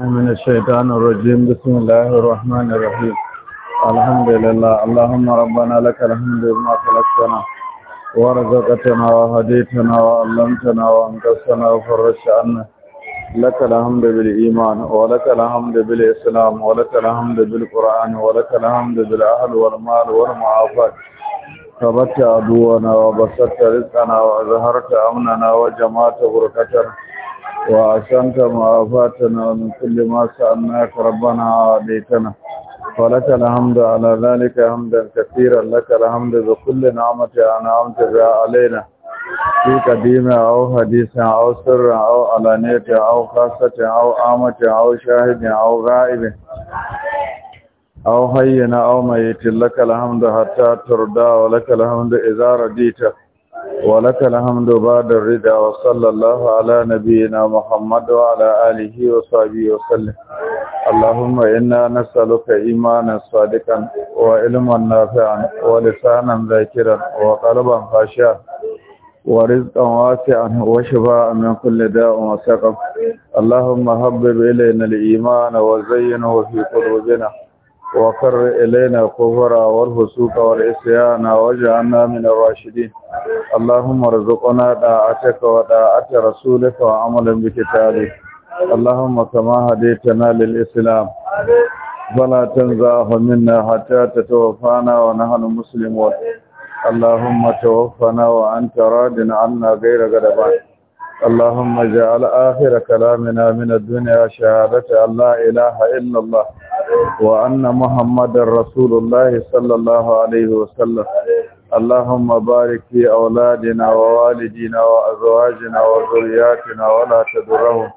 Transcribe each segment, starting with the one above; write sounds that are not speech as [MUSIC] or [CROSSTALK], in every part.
من الشيطان الرجيم بسم الله الرحمن الرحيم الحمد لله اللهم ربنا لك الحمد بما خلقتنا ورزقتنا وهديتنا وعلمتنا وانقصنا وفرجت عنا لك الحمد بالإيمان ولك الحمد بالإسلام ولك الحمد بالقرآن ولك الحمد بالأهل والمال والمعافاه ثبت عدونا وبسطت رزقنا وأظهرت أمننا وجمعت بركتنا وأحسنت ما أفاتنا ومن كل ما سألناك ربنا وعديتنا ولك الحمد على ذلك حمدا كثيرا لك الحمد بكل نعمة أنعمت بها علينا في قديمة أو حديث أو سر أو علانية أو خاصة أو عامة أو شاهد أو غائب أو حينا أو ميت لك الحمد حتى ترضى ولك الحمد إذا رديت ولك الحمد بعد الرضا وصلى الله على نبينا محمد وعلى آله وصحبه وسلم اللهم إنا نسألك إيمانا صادقا وعلما نافعا ولسانا ذاكرا وقلبا خاشعا ورزقا واسعا وشفاء من كل داء وسقم اللهم هبب إلينا الإيمان وزينه في قلوبنا وقر إلينا الكفر والفسوق والعصيان واجعلنا من الراشدين اللهم ارزقنا طاعتك وطاعة رسولك وعملا بكتابك اللهم كما هديتنا للإسلام فلا تنزعه منا حتى تتوفانا ونحن مسلمون اللهم توفنا وأنت راد عنا غير غضبان اللهم اجعل آخر كلامنا من الدنيا شهادة أن لا إله إلا الله وأن محمد رسول الله صلى الله عليه وسلم اللهم بارك في أولادنا ووالدنا وأزواجنا وذرياتنا ولا تدرهم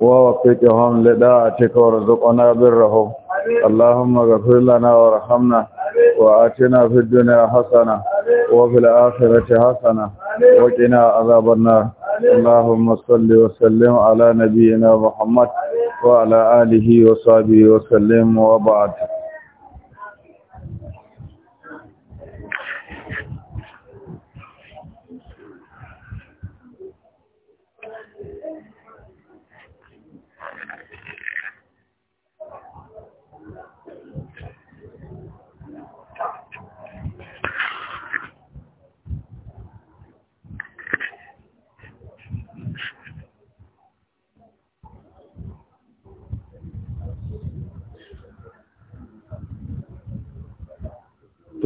ووفقهم لداعتك ورزقنا برهم اللهم اغفر لنا وارحمنا وآتنا في الدنيا حسنة وفي الآخرة حسنة وقنا عذاب النار اللهم صل وسلم على نبينا محمد وعلى آله وصحبه وسلم وبعد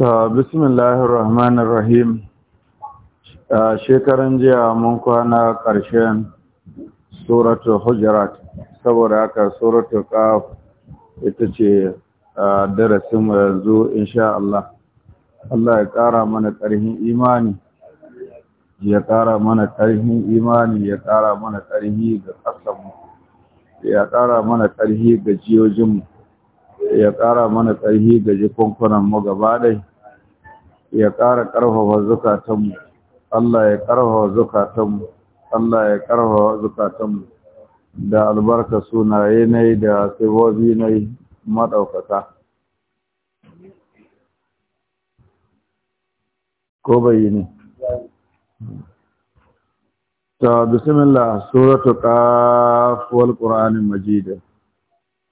Uh, bismillahir rahmanir rahim uh, shekaran jiya mun kwana ƙarshen suratul hujurat saboda haka suratul qaf ita ce uh, darasin mu yanzu insha Allah Allah ya ƙara mana ƙarfin imani ya ƙara mana ƙarfin imani ya ƙara mana ƙarfi ga ƙasarmu ya ƙara mana ƙarfi ga jiyojinmu ya ƙara mana ƙarfi ga jikunkunanmu gaba ɗaya ya ƙara ƙarfafa zukatanmu Allah ya ƙarfafa zukatanmu Allah ya ƙarfafa zukatanmu da albarka sunaye yi da na yi maɗaukata. ko bayi ne ta bismillah suratu qaf wal qur'anil majid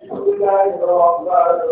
بسم الله الرحمن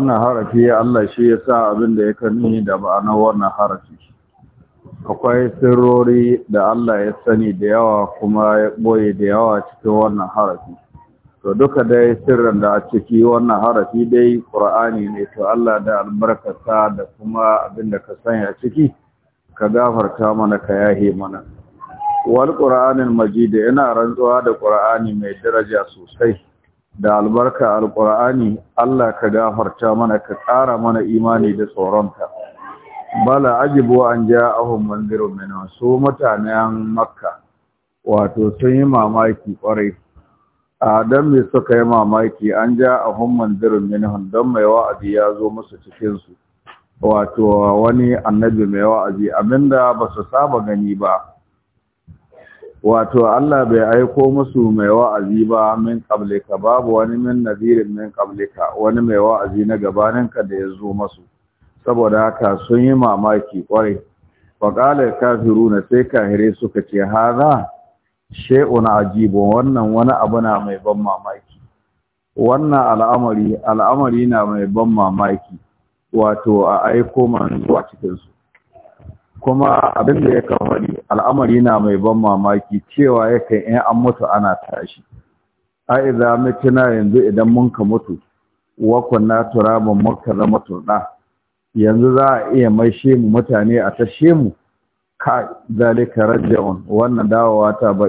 wannan harafi Allah shi ya sa abin da ya kani da ma'anar wannan harafi akwai sirrori da Allah ya sani da yawa kuma ya boye da yawa cikin wannan harafi to duka dai sirrin da a ciki wannan harafi dai ƙur'ani ne to Allah da albarkata da kuma abin da ka sanya ciki ka gafarta mana ka yahe mana wal qur'anil majid yana rantsuwa da qur'ani mai daraja sosai da albarka Alƙur'ani, Allah ka gafarta mana ka ƙara mana imani da tsoronka bala ajibu an ja'ahum mundirun minhum su mutanen makka wato sun yi mamaki kwarai a dan suka yi mamaki an ja'ahum mundirun minhum dan mai wa'azi ya zo musu cikin su wato wani annabi mai wa'azi abinda ba su saba gani ba wato Allah bai aiko musu mai wa'azi ba min qablika babu wani min nadirin min qablika wani mai wa'azi na gabaninka da ya zo masu, saboda haka sun yi mamaki kwarai wa qala kafiruna sai kahire suka ce haza shay'un ajibun wannan wani abu na mai ban mamaki wannan al'amari na mai ban mamaki wato a aiko manzo wa cikin kuma abin da ya kamari al'amari na mai ban mamaki cewa ya kai in an mutu ana tashi a iza mutuna yanzu idan mun ka mutu wa kunna turaban muka zama turda yanzu za a iya maishe mu mutane a tashe mu ka zalika raja'un wannan dawowa ta ba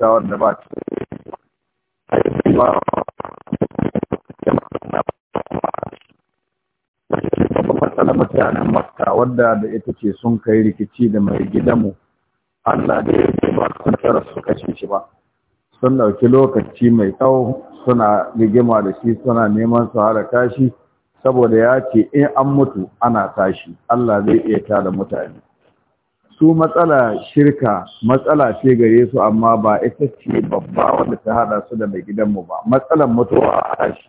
ta wanda ba ta ba matsala mutanen makka wadda da ita ce sun kai rikici da mai gidanmu Allah da ya ba su tara su kashe shi ba sun ɗauki lokaci mai tsawo suna rigima da shi suna neman su haraka shi saboda ya ce in an mutu ana tashi Allah zai iya tada mutane su matsala shirka matsala ce gare su amma ba ita ce babba wadda ta hada su da mai gidanmu ba matsalan mutuwa a tashi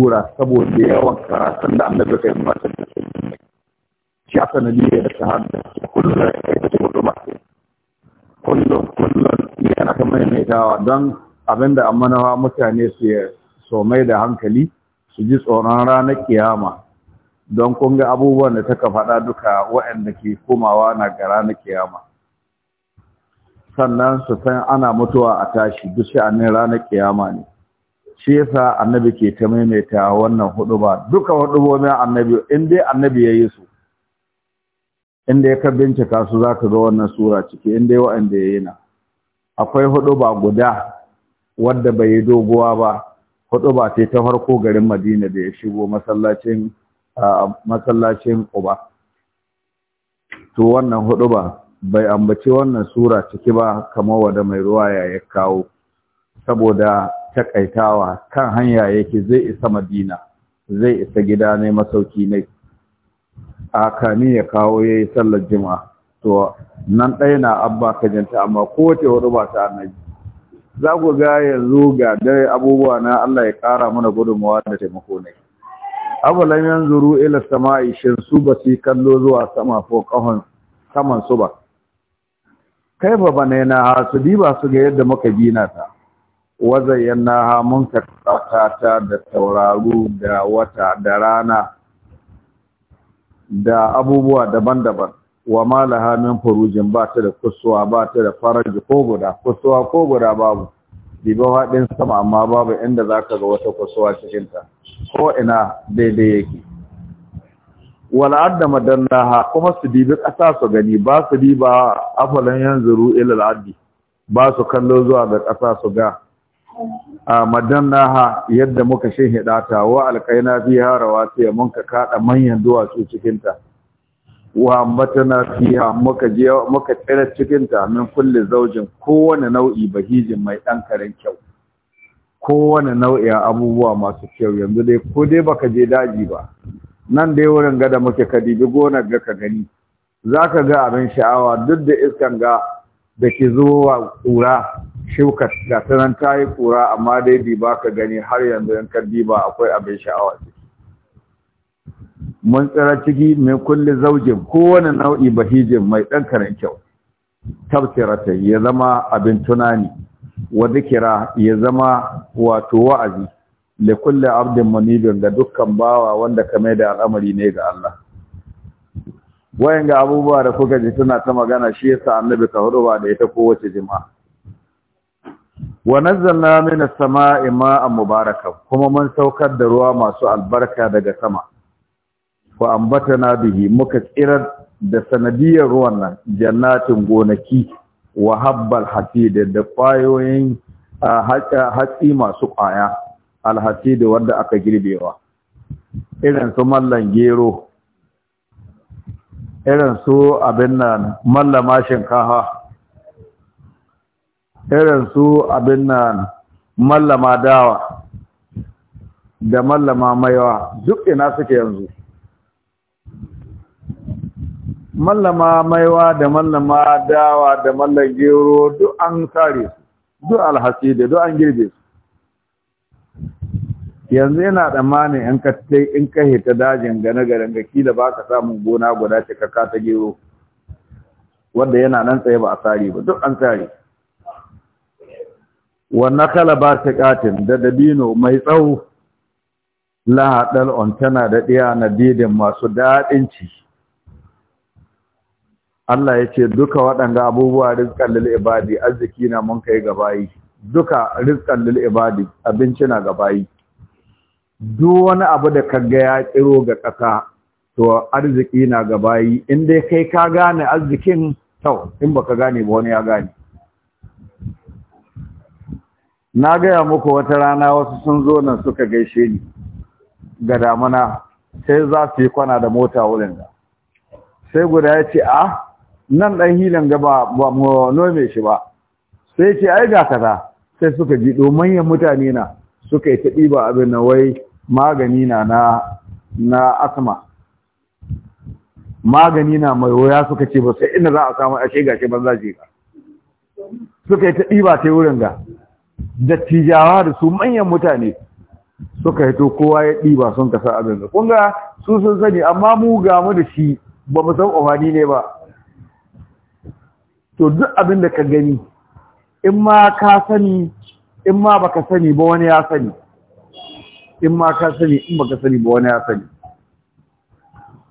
tura saboda yawan karatun da annabi kai mata da su shi da shahada kullum ya ta kullum kullum yana mai maimaitawa don abinda amanawa mutane su somai da hankali su ji tsoron ranar kiyama don kun abubuwan da taka faɗa duka waɗanda ke komawa na ga ranar kiyama sannan su san ana mutuwa a tashi duk sha'anin ranar kiyama ne shi yasa annabi ke ta maimaita wannan ba duka hudubobin annabi in dai annabi ya yi su inda ya ka bincika su za ka ga wannan sura ciki inda ya wa'anda ya yi na akwai ba guda wadda bai yi doguwa ba huduba ce ta farko garin madina da ya shigo masallacin masallacin to wannan ba bai ambaci wannan sura ciki ba kamar wanda mai ruwaya ya kawo saboda takaitawa kan hanya yake zai isa madina zai isa gida ne masauki ne a kani ya kawo ya yi sallar jima'a to nan ɗaya na abba ka janta amma kowace hudu ba ta annabi za ku ga yanzu ga dare abubuwa na Allah ya ƙara mana gudunmawa da taimako ne abu lam yanzuru ila sama'i shin su ba su kallo zuwa sama ko kahon saman su ba kai ba bane na su ba su ga yadda muka gina ta ha mun ka ta da tauraru da wata da rana da abubuwa daban-daban wa malaha min furujin ba ta da kusuwa ba ta da faraji ko guda kusuwa ko guda babu diba haɗin sama amma babu inda za ka ga wata kusuwa ta ko ina daidai yake wal'adda madannaha kuma su dibi ƙasa su gani ba su diba afalan yanzuru ilal addi ba su kallo zuwa ga ƙasa su ga A madannaha yadda muka shinhida ta wa alqaina fiha rawati mun ka kada manyan duwatsu cikin ta wa matana fiha muka je muka tsira cikin ta min kulli zaujin kowane nau'i bahijin mai dan karen kyau kowane nau'i abubuwa masu kyau yanzu dai ko dai baka je daji ba nan dai wurin ga da muke kadibi gonar ga ka gani zaka ga abin sha'awa duk da iskan ga da ke zuwa kura shukar ga sanan ta yi kura amma dai bi ba ka gani har yanzu yan kaddi ba akwai abin sha'awa ciki mun tsira ciki mai kulli zaujin kowane nau'i bahijin mai ɗan karin kyau ta ya zama abin tunani wa zikira ya zama wato wa'azi li kulli abdin munibin ga dukkan bawa wanda ka mai da al'amari ne ga Allah wayan ga abubuwa da kuka ji suna ta magana shi yasa annabi ka hudu ba da ita kowace jima'a wa nazzalna minas sama'i ma'an mubarakan kuma mun saukar da ruwa masu albarka daga sama fa ambatana bihi muka tsirar da sanadiyar ruwan nan jannatin gonaki wa habbal hasid da kwayoyin hatsi masu kwaya alhasid wanda aka girbewa irin su mallan gero irin su abin nan mallama shinkafa irin su abin nan mallama dawa da mallama maiwa duk ina suke yanzu mallama maiwa da mallama dawa da mallan gero duk an sare su duk alhassi da duk an girbe su yanzu yana da tsammanin in ka tai in ka hita dajin gane garin ga kila ba ka samun gona guda cikakka ta gero wanda yana nan tsaye ba a sare ba duk an sare wannan kalaba ta katin da dabino mai tsawo lahaɗar on tana da ɗiya na didin masu daɗin ci Allah ya ce duka waɗanda abubuwa rizkan lil'ibadi arziki na mun kai gabayi duka lil ibadi abinci na gabayi duk wani abu da kaga ya tsiro ga kasa to arziki na gabayi in dai kai ka gane arzikin to in baka gane ba wani ya gane na gaya muku wata rana wasu sun zo nan suka gaishe ni ga damuna sai za su yi kwana da mota wurin da sai guda ya ce a nan ɗan hilin ga ba mu nome shi ba sai ce ai ga kaza sai suka ji manyan mutane na suka yi ta ɗiba abin na wai magani na na asma magani na mai waya suka ce ba sai inda za a samu ashe gashi ban za shi ga suka yi ta ɗiba ta wurin ga dattijawa da su manyan mutane suka hito kowa ya ɗiba sun kasa abin da kunga su sun sani amma mu ga mu da shi ba mu san ofani ne ba to duk abin da ka gani in ma ka sani in ma baka sani ba wani ya sani in ma ka sani in baka sani ba wani ya sani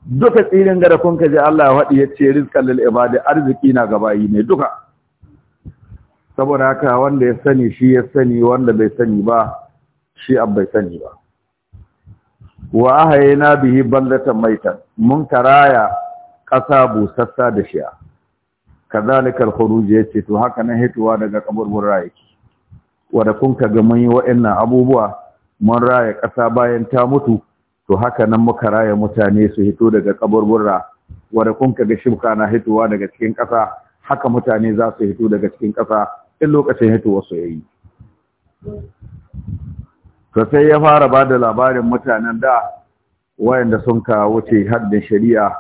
duka tsirin gara kun ka je Allah ya faɗi ya ce rizqan lil ibadi arziki na gabayi ne duka saboda haka wanda ya sani shi ya sani wanda bai sani ba shi an bai sani ba wa ahayna bihi ballatan maitan mun karaya ƙasa busassa da shi'a kazalika alkhuruj yace to haka nan hituwa daga kaburbura yake wanda kun ka ga mun yi wa'annan abubuwa mun raya kasa bayan ta mutu to haka nan muka raya mutane su hito daga kaburbura wanda kun ka ga shibka na hituwa daga cikin kasa haka mutane za su hito daga cikin ƙasa in lokacin hitowarsu ya yi to sai ya fara ba da labarin mutanen da wayanda sun ka wuce haddin shari'a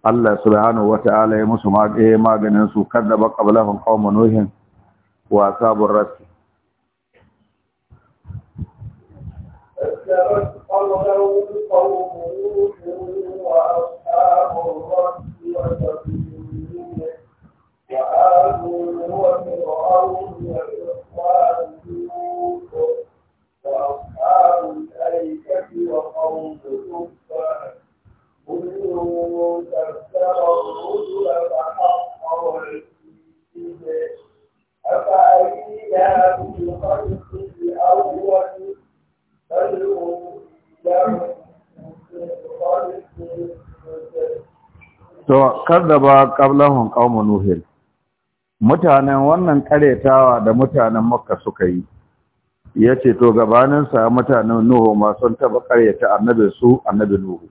Allah subhanahu wata'ala ya musu maganin su kaddaba qablahum qaum nuhin wa ashabur ras قوم نوح وآل وفرعون وإخوان لوط وأصحاب الأيكة وقوم تبا كل كذب الرسل فحق وعيد أفأتينا بالخلق الأول بل هم To, kaddaba ƙablahun ƙaunar Nuhin, mutanen wannan karetawa da mutanen makka suka yi ya ce to gabaninsa mutanen nuhu ma sun taɓa karyata annabi su annabi nuhu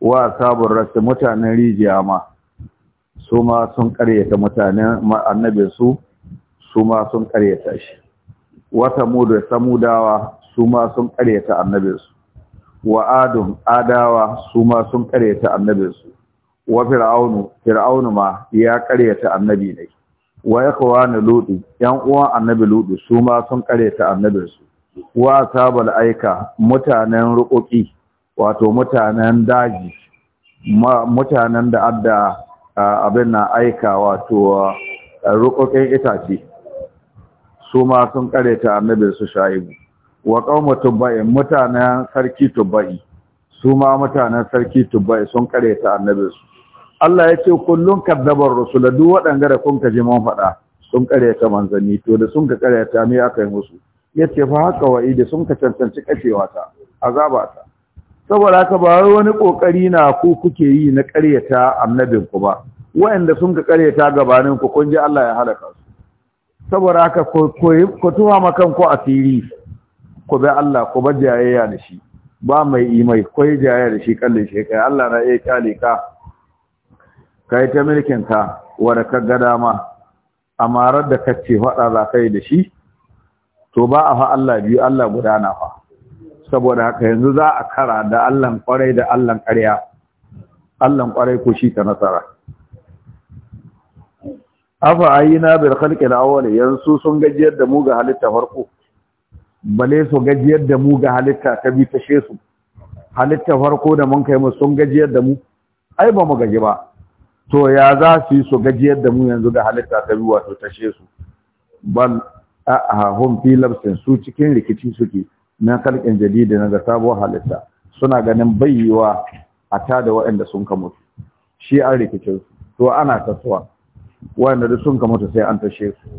wa sabon rasu mutanen rijiya ma su ma sun karyata mutanen annabi su su ma sun karyata shi wata mudu samudawa su ma sun karyata annabinsu wa adun adawa su ma sun karyata annabinsu wa fir'aunu fir'aunu ma ya karyata annabi ne wa yakwanu lutu yan uwan annabi ludu su ma sun kare kareta annabinsu wa sabal aika mutanen rukoki wato mutanen daji mutanen da adda abin na aika wato rukokin itace su ma sun kare kareta annabinsu shaibu wa qauma tubai mutanen sarki tuba'i su ma mutanen sarki tuba'i sun kare ta annabinsu Allah ya ce kullun kadzabar rusula duk waɗanda da kun kaje mun faɗa sun karyata manzanni to da sun ka karyata me aka yi musu yace fa haka da sun ka cancanci kashewa ta azaba ta saboda haka ba wani kokari na ku kuke yi na karyata annabin ku ba waanda sun ka karyata gabanin ku kun ji Allah ya halaka su saboda haka ku ku tuwa makan ku asiri ku bi Allah ku ba jayayya da shi ba mai imai ko jayayya da shi kallin shi Allah na iya kyale ka ka yi ta ka, wadda ka ga dama a marar da kacce faɗa za ka yi da shi to ba a fa Allah biyu Allah guda fa saboda haka yanzu za a kara da Allahn kwarai da Allahn ƙarya Allahn kwarai ko shi ta nasara afa ayina bil khalqi al-awwal yanzu sun gajiyar da mu ga halitta farko bale su gajiyar da mu ga halitta ta bi ta shesu halitta farko da mun kai mu sun gajiyar da mu ai ba mu gaji ba to ya za su yi su gajiyar da mu yanzu da halitta ta biyu wato tashe su Ban a hum filabsin su cikin rikici suke na kalkin jadidi na ga sabuwar halitta suna ganin bayyewa a ta da waɗanda sun ka mutu shi an rikici su to ana tasowa waɗanda duk sun ka mutu sai an tashe su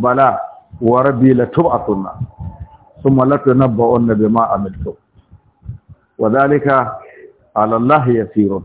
bala wa rabbi la tub'atunna thumma la tunabba'unna bima amiltu wa dhalika ala allahi yasirun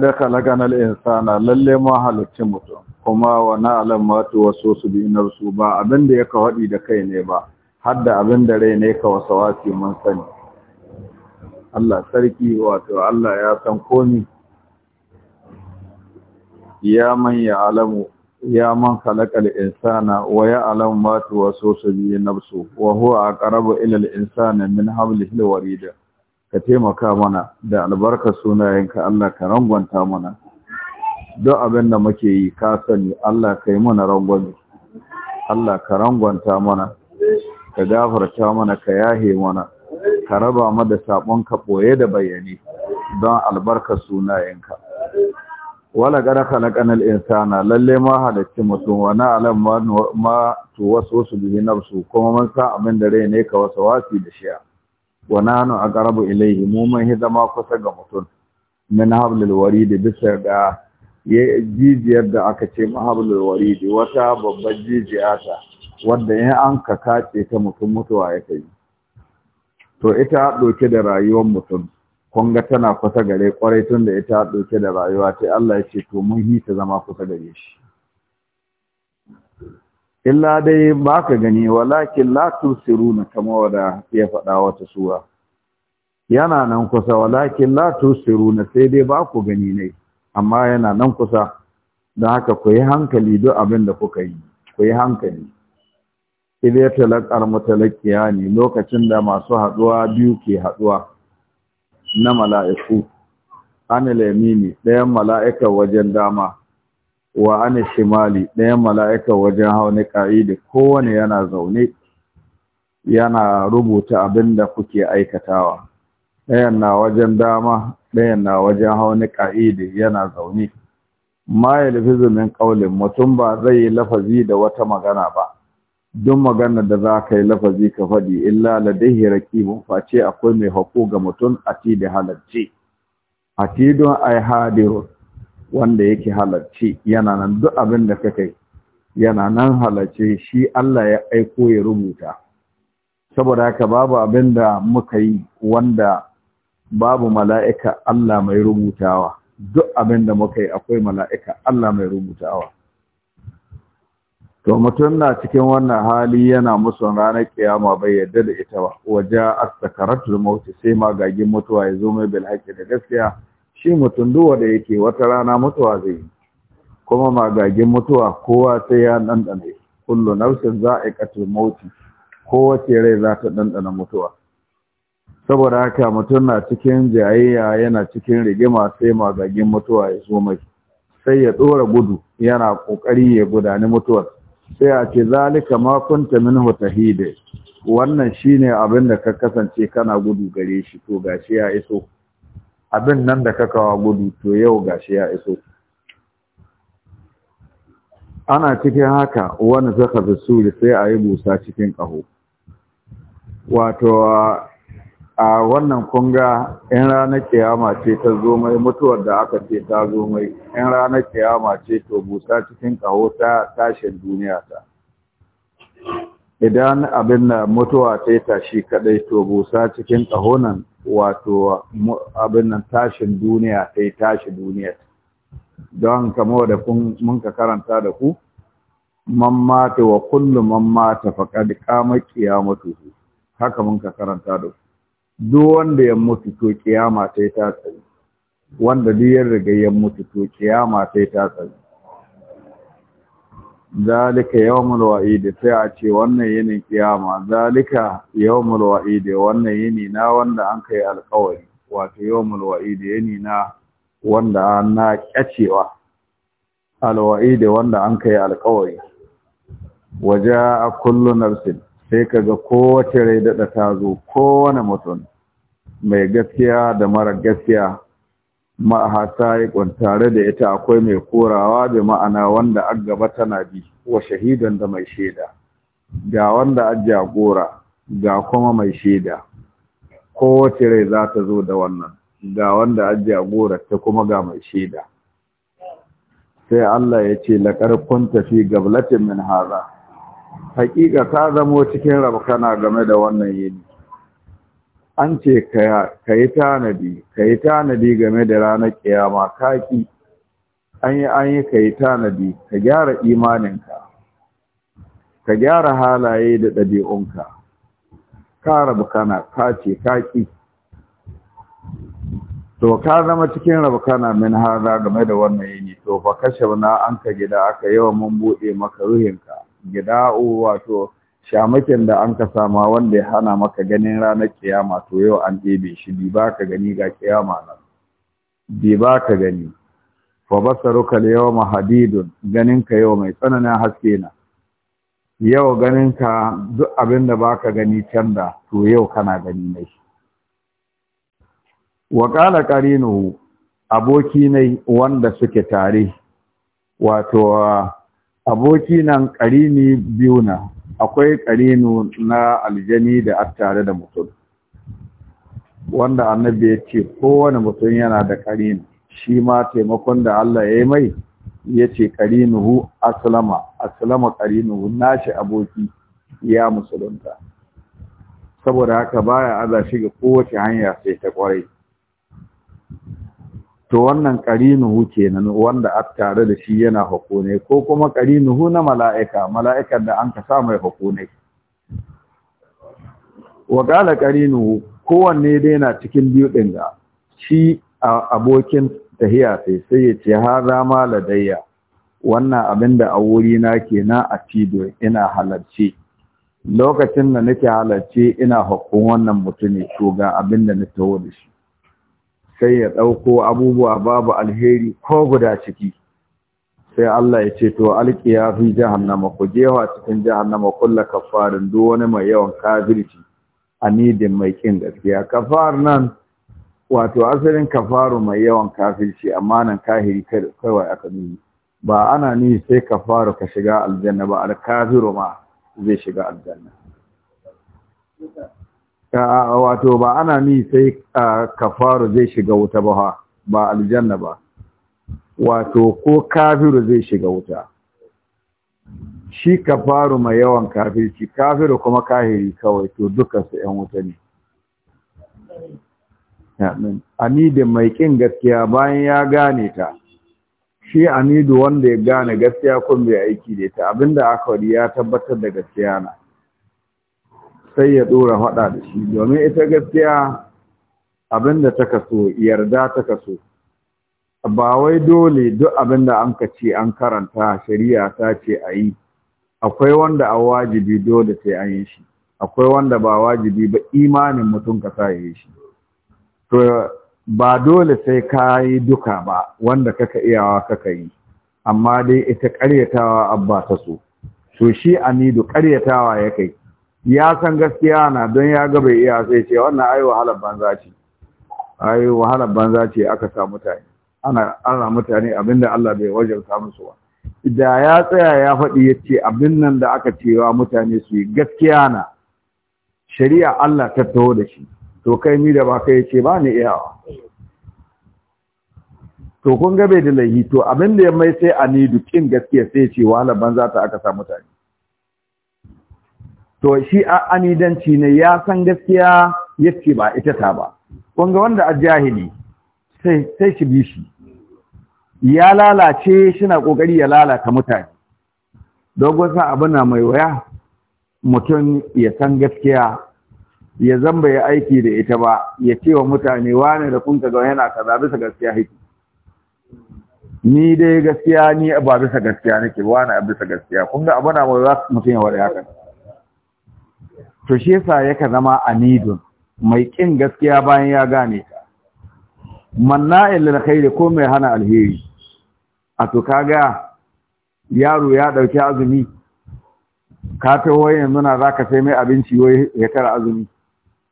lagada na insana lalle ma halicci mutum kuma wa na'lam ma wasu su bi nafsu ba abin da ya wadi da kai ne ba har da abin da rai ne ka wasawasi mun sani Allah sarki wato Allah ya san komi ya man ya alamu ya man khalaqal insana wa ya alamu ma wasu su bi nafsu wa huwa a ƙarabu al insana min hablil warida ka taimaka mana da albarka sunayenka Allah ka rangwanta mana duk abin da muke yi ka sani Allah ka yi mana rangwami Allah ka rangwanta mana ka gafarta mana ka yahe mana ka raba mu da sabon ka boye da bayani don albarka sunayenka wala gada kanal insana lalle ma halacci mutum wa na alam ma tu wasu bihi nafsu kuma mun sa abin da rai ne ka wasa wasi da shi'a wa nanu aqrabu ilayhi mu mun zama kusa ga mutum min hablil warid bisa ga jijiyar da aka ce mahablul warid wata babbar jijiya ta wanda in an ka kace ta mutum mutuwa ya kai to ita doke da rayuwar mutum kun ga tana kusa gare kwarai tun da ita doke da rayuwa sai Allah ya ce to mun hita zama kusa gare shi illa dai ba ka gani walakin la tusiruna kama wada ya faɗa wata sura yana nan kusa walakin la tusiruna sai dai ba ku gani ne amma yana nan kusa don haka ku yi hankali duk abin da kuka yi ku yi hankali idai talakar mutalakiya ne lokacin da masu haɗuwa biyu ke haɗuwa na mala'iku an ɗayan mala'ikar wajen dama wa ana shimali ɗayan mala'ika wajen hauni ƙa'idi kowane yana zaune yana rubuta abin da kuke aikatawa ɗayan na wajen dama ɗayan na wajen hauni ƙa'idi yana zaune ma ya ƙaulin mutum ba zai yi lafazi da wata magana ba duk magana da za ka yi lafazi ka faɗi illa ladaihi mun face akwai mai hako ga mutum a ti da halarci a ti don ai hadiru wanda yake halarci yana nan duk abin da kakai yana nan halarci shi Allah ya aiko ya rubuta saboda haka babu abin da muka yi wanda babu mala'ika Allah mai rubutawa duk abin da muka yi akwai mala'ika Allah mai rubutawa to mutum na cikin wannan hali yana musu ranar kiyama bai yadda da ita ba waje as tsakarar maut sai magagin mutuwa ya zo mai bil da gaskiya shi mutum duwa da yake wata rana mutuwa zai yi kuma magagin mutuwa kowa sai ya ɗanɗana kullu nafsin za'iqatul mauti kowace rai za ta ɗanɗana mutuwa saboda haka mutum na cikin jayayya yana cikin rigima sai magagin mutuwa ya zo mai sai ya ɗora gudu yana ƙoƙari ya gudani mutuwar sai a ce zalika ma kunta min hutahide wannan shine abin da ka kasance kana gudu gare shi to gashi ya iso abin nan da ka kawo gudu to yau ga shi ya iso ana cikin haka wani zaka fi suri sai a yi busa cikin ƙaho wato a wannan kunga in ranar kiyama ce ta zo mai mutuwar da aka ce ta zo mai in ranar kiyama ce to busa cikin ƙaho ta tashin duniya ta idan abin da mutuwa ta yi tashi kadai to busa cikin nan. wato abin nan tashin duniya sai tashi duniyar don kama da mun ka karanta da ku man mata wa kullu man mata faqad qama qiyamatuhu haka mun ka karanta da ku duk wanda ya mutu to kiyama sai ta tsaye wanda duk ya riga ya mutu to kiyama sai ta tsaye zalika yawmul wa'id sai a ce wannan yinin kiyama zalika yawmul wa'id wannan yini na wanda an kai alƙawari wato yawmul wa'id yini wanda na kyacewa alwa'id wanda an kai alƙawari waja kullu nafsin sai kaga kowace rai ta zo kowane mutum mai gaskiya da mara gaskiya ma'aha sa'iqun tare da ita akwai mai korawa da ma'ana wanda an gaba tana bi wa shahidan da mai shaida ga wanda an jagora ga kuma mai shaida kowace rai za ta zo da wannan ga wanda an jagora ta kuma ga mai shaida sai Allah ya ce laƙar kun tafi gablatin min haza Hakika ta zamo cikin rabkana game da wannan yini an ce ka yi tanadi ka yi tanadi game da ranar kiyama kaki an yi an yi ka yi tanadi ka gyara imaninka ka gyara halaye da ɗabi'unka ka rabu kana ka ce kaki to ka zama cikin rabu kana min haza game da wannan yini to fa kashe na an ka gida aka yawan mun buɗe maka ruhinka gida wato shamakin da an ka sama wanda ya hana maka ganin ranar kiyama to yau an ɗebe shi bi ba ka gani ga kiyama nan bi ba ka gani fa basaruka hadidun ganinka yau mai tsananin haske na yau ganinka duk abin da ka gani can da to yau kana gani shi wa ƙala ƙarinu aboki ne wanda suke tare wato aboki nan ƙarini biyu na akwai ƙarinu na aljani da attare da mutum wanda annabi ya ce kowane mutum yana da ƙarinu shi ma taimakon da Allah ya yi mai ya ce karinuhu aslama aslama karinuhu nashi aboki ya musulunta saboda haka baya aza shiga ga kowace hanya sai ta kwarai to wannan ƙarinuhu kenan wanda a tare da shi yana hukunai, ko kuma ƙarinuhu na mala'ika mala'ikan da an ka sa mai hukunai. ne wa qala kowanne dai na cikin biyu ɗin ga shi a abokin tahiya sai sai ya ce hada ma ladayya wannan abin da a wuri na kenan a cido ina halarci lokacin da nake halarci ina hukun wannan mutum to ga abin da na taho da shi sai ya ɗauko abubuwa babu alheri ko guda ciki sai Allah ya ce to alƙiya fi jahannama ku jewa cikin jahannama kulla kafarin duk wani mai yawan kafirci anidin mai kin gaskiya kafar nan wato asalin kafaru mai yawan kafirci amma nan kahiri kawai aka nuni ba ana ni sai kafaru ka shiga aljanna ba alkafiru ma zai shiga aljanna wato ba ana ni sai kafaru zai shiga wuta ba ba aljanna ba wato ko kafiru zai shiga wuta shi kafaru mai yawan kafirci kafiru kuma kahiri kawai to su ‘yan wuta ne amidin mai ƙin gaskiya bayan ya gane ta shi amidu wanda ya gane gaskiya kun bai aiki da ta abinda aka wadi ya tabbatar da gaskiya na sai ya ɗora haɗa da shi domin ita gaskiya abinda ta kaso yarda ta kaso ba wai dole duk abinda an ka ce an karanta shari'a ta ce a yi akwai wanda a wajibi dole sai an yi shi akwai wanda ba wajibi ba imanin mutum ka sa yi shi to ba dole sai ka yi duka ba wanda kaka iyawa kaka yi amma dai ita ƙaryatawa abba ta so to shi anidu ƙaryatawa ya kai ya san gaskiya na don ya ga bai iya sai ce wannan ai wahalar banza ce ai wahalar banza ce aka sa mutane ana ana mutane abinda Allah bai wajarta musu ba da ya tsaya ya faɗi ya ce abin nan da aka cewa mutane su yi gaskiya na shari'a Allah ta taho da shi to kai ni da ba kai ce ba ni iyawa to kun ga bai da lahi to abin da ya mai sai a ni dukin gaskiya sai ce wahalar banza ta aka sa mutane to shi a anidanci ne ya san gaskiya ce ba ita ta ba wanga wanda a jahili sai shi bi shi ya lalace shi na kokari ya lalata mutane dogon sa abu na mai waya mutum ya san gaskiya ya zamba ya aiki da ita ba ya ce wa mutane wane da kun ga yana kaza bisa gaskiya haiti ni dai gaskiya ni ba bisa gaskiya nake wane bisa gaskiya kun ga abu na mai waya mutum ya wada haka to shi yasa yaka zama anidun mai kin gaskiya bayan ya gane ta manna'il lil ko mai hana alheri a to kaga yaro ya dauki azumi ka ta waye muna zaka sai mai abinci wai ya kara azumi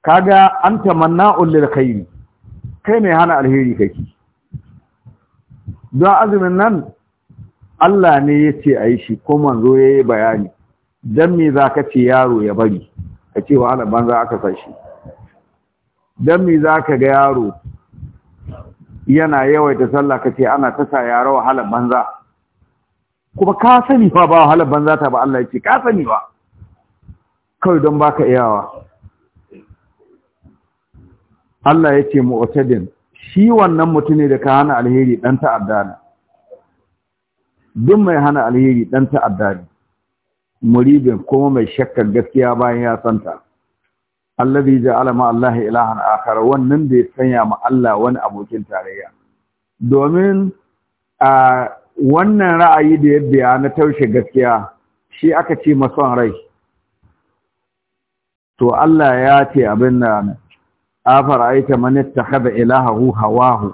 kaga anta manna'ul lil kai mai hana alheri kake don azumin nan Allah ne ya ce a yi shi ko manzo ya yi bayani don me za ka ce yaro ya bari ka ce wahala banza aka sashi don me za ka ga yaro yana yawaita sallah ka ce ana ta sa yaro wahala banza kuma ka sani fa ba wahala banza ta ba Allah ya ce ka sani ba kawai don baka iyawa Allah ya ce mu'tadin shi wannan mutune da ka hana alheri dan ta'adda ne duk mai hana alheri dan ta'adda ne muribin kuma mai shakkar gaskiya bayan ya santa allazi ja'ala ma Allah ilahan akhar wannan da ya sanya ma Allah wani abokin tarayya domin a wannan ra'ayi da ya na taushe gaskiya shi aka ce son rai to Allah ya ce abin nan afar aita man ittakhadha ilahahu hawahu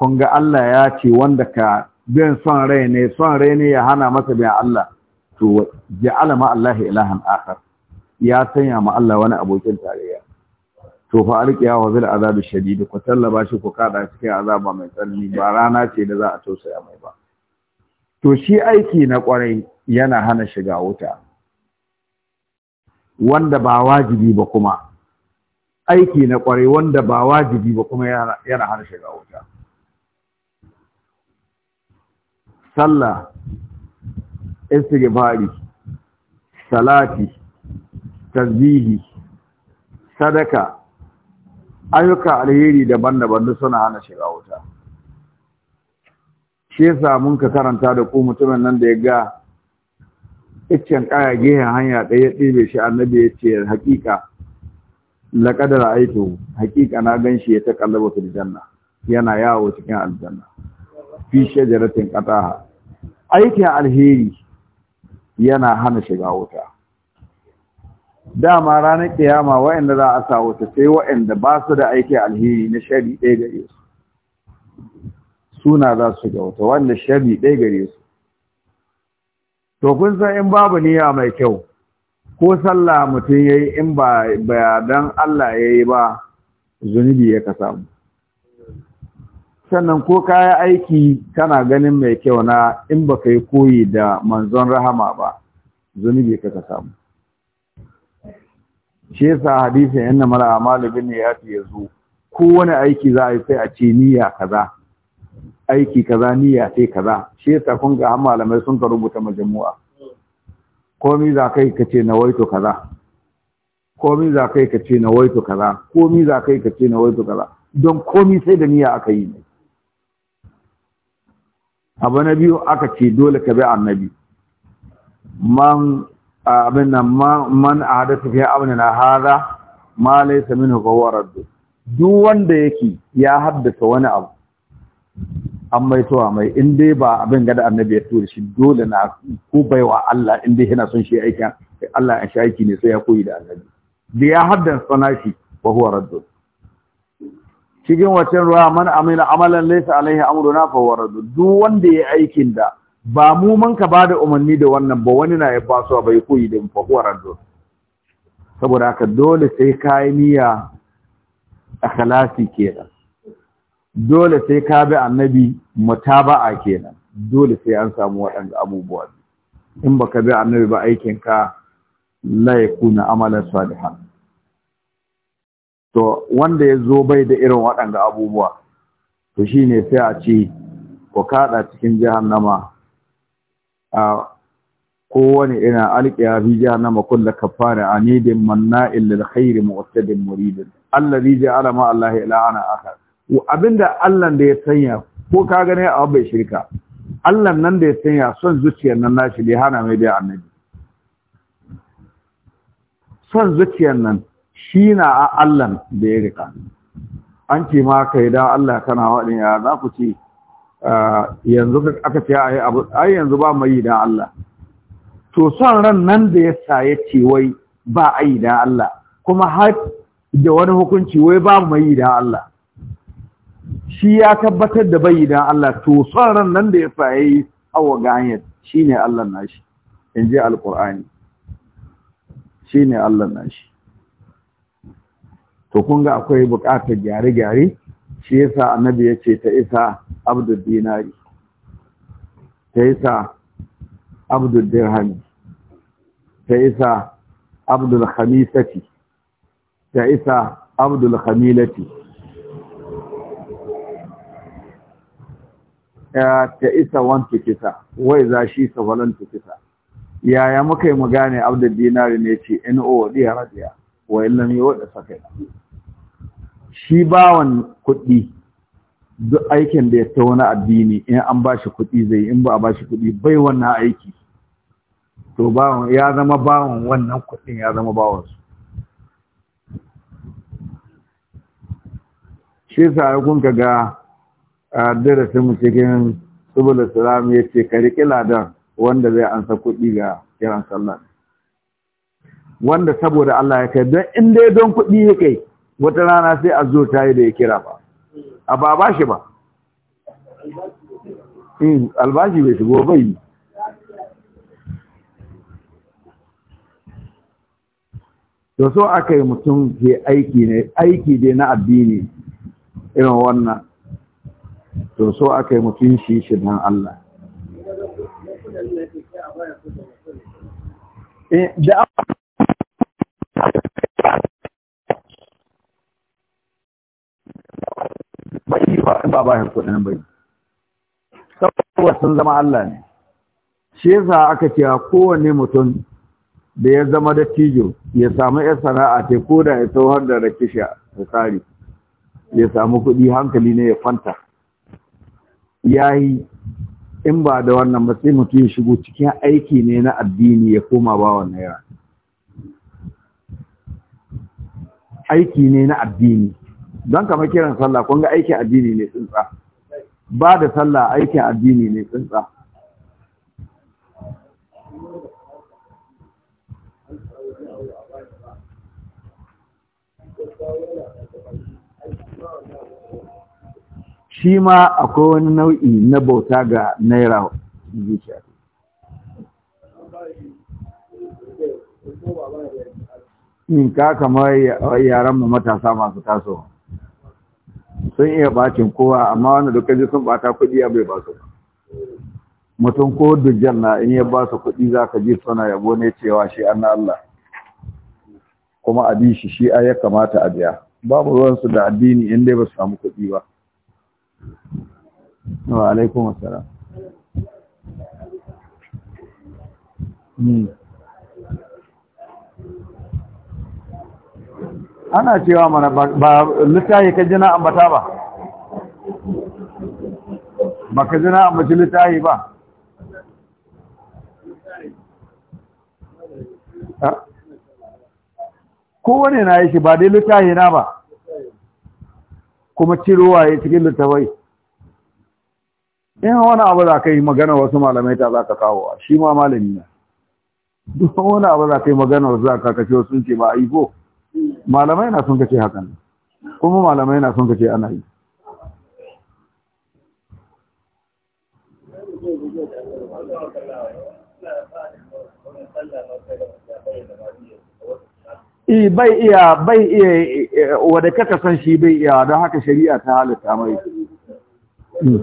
kun ga Allah ya ce wanda ka bin son rai ne son rai ne ya hana masa bin Allah to ja'ala ma Allah ilahan akhar ya sanya ma Allah wani abokin tarayya to fa alqiya wa bil azab shadid ku tallaba shi ku kada cikin azaba mai tsanani ba rana ce da za a tausaya mai ba to shi aiki na kwarai yana hana shiga wuta wanda ba wajibi ba kuma aiki na kwarai wanda ba wajibi ba kuma yana hana shiga wuta sallah istighfari salati tasbihi sadaka ayyuka alheri daban-daban duk suna hana shiga wuta shi yasa mun ka karanta da ku mutumin nan da ya ga iccen kaya gehen hanya ɗaya ɗebe shi annabi ya ce hakika da aito hakika na ganshi shi ya ta kallaba su janna yana yawo cikin aljanna fi shajaratin qataha aikin alheri yana hana shiga wuta dama ranar kiyama waɗanda za a sa wuta sai waɗanda ba su da aiki alheri na shari ɗaya gare su suna za su shiga wuta wanda shari ɗaya gare su to kun san in babu niyya mai kyau ko sallah mutum ya yi in ba dan Allah ya yi ba zunubi ya ka samu sannan ko kaya aiki kana ganin mai kyau na in baka yi koyi da manzon rahama ba zunubi ka samu shi yasa mara inna mala amalu bin niyati ko wani aiki za a yi sai a ce niyya kaza aiki kaza niyya sai kaza shi yasa kun ga malamai sun ka rubuta majmu'a komi za kai ka ce na waito kaza komi za kai ka ce na waito kaza komi za kai ka ce na waito kaza don komi sai da niyya aka yi ne abu na biyu aka ce dole ka bi annabi man abin nan man a hadasa fiye abin na hada ma laisa min fa huwa duk wanda yake ya haddasa wani abu an mai towa mai in ba abin gada annabi ya tura shi dole na ko baiwa Allah in yana son shi aikin Allah ya shi aiki ne sai ya koyi da annabi da ya haddasa na shi huwa radd cikin waccan ruwa man amina amalan laysa alaihi amruna fa huwa rad duk wanda ya aikin da ba mu man ka bada umarni da wannan ba wani na ya faso bai koyi da fa huwa rad saboda haka dole sai kai niyya akhlasi kenan dole sai ka bi annabi mutaba'a kenan dole sai an samu waɗanda abubuwa in baka bi annabi ba aikin ka la yakuna amalan salihan to wanda ya zo bai da irin waɗanda abubuwa to shi ne sai a ce ku kaɗa cikin jihannama a kowane ina alƙiya fi jihannama kulla kafara anidin manna'in lil khairi mu'tadin muridin ni ja'ala ma Allah ana akhar abinda Allah da ya sanya ko ka gane a bai shirka Allah nan da ya sanya son zuciyar nan nashi bai hana mai bai annabi son zuciyar nan shi na Allahn da ya rika an ce ma kai da Allah kana waɗin ya za ku ce ah, yanzu aka ce yi abu ai yanzu ba mai da Allah to son ran nan da ya saye ce wai ba yi da Allah kuma har da wani hukunci wai ba mai da Allah shi ya tabbatar da bai da Allah to son ran nan da ya yi awa ganyar shi ne Allah nashi in ji shi ne Allah nashi to kun ga akwai buƙatar gyare-gyare shi yasa annabi ya ce ta isa abdul dinari ta isa abdul dirhami ta isa abdul khamisati ta isa abdul khamilati ta isa wanti kisa wai za shi safalan kisa yaya muka yi mu gane abdul dinari ne ce in o diya radiya wa illam yi wadda sakai shi bawan kuɗi duk aikin da ya ta wani addini in an ba shi kuɗi zai in ba a ba shi kuɗi bai wannan aiki to bawan ya zama bawan wannan kuɗin ya zama bawan su shi sa kun ka ga darasin mu cikin subul islam ya ce ka riƙi ladan wanda zai ansa kuɗi ga kiran sallah wanda saboda Allah ya kai don in dai don kuɗi ya kai wata rana sai a zo ta yi da ya kira ba a ba ba shi ba eh, albashi bai shigo bai yi da so aka yi mutum ke aiki ne aiki dai na addini irin wannan to so aka yi mutum shi shi don Allah eh, da ba ba shi kudin bai saboda sun zama Allah ne shi yasa aka ce kowanne mutum da ya zama dattijo ya samu yar sana'a ta koda ya sauhar da rakisha da tsari ya samu kuɗi hankali ne ya kwanta ya yi in ba da wannan ba sai mutum ya shigo cikin aiki ne na addini ya koma ba wannan yara aiki ne na addini don kama kiran sallah kun ga aikin addini ne tsuntsa. ba da sallah aikin addini ne tsuntsa. shi ma akwai wani nau'i na bauta ga naira zuciya ninka kamar yaran mu matasa masu tasowa sun iya bacin kowa amma wanda duka ji sun bata kuɗi ya bai ba mutum ko dujjan na in ya basu kudi kuɗi za ka ji suna yabo ne cewa shi an Allah kuma a shi'a shi shi a ya kamata a biya babu ruwansu da addini in dai ba su samu kuɗi ba ana cewa mana ba littahi ka jina ambata ba ba ka jina ambaci littahi ba kowane na yi shi ba dai littahi na ba kuma cirowa ya cikin littafai in wani abu za ka yi magana wasu malamai ta za ka kawo shi ma malamina. duk wani abu za ka yi magana wasu za ka kashe sun ce ba a yi malamai na sun kace hakan kuma malamai na sun kace ana yi I bai iya bai iya wanda kaka san shi bai iya don haka shari'a ta halitta mai hmm.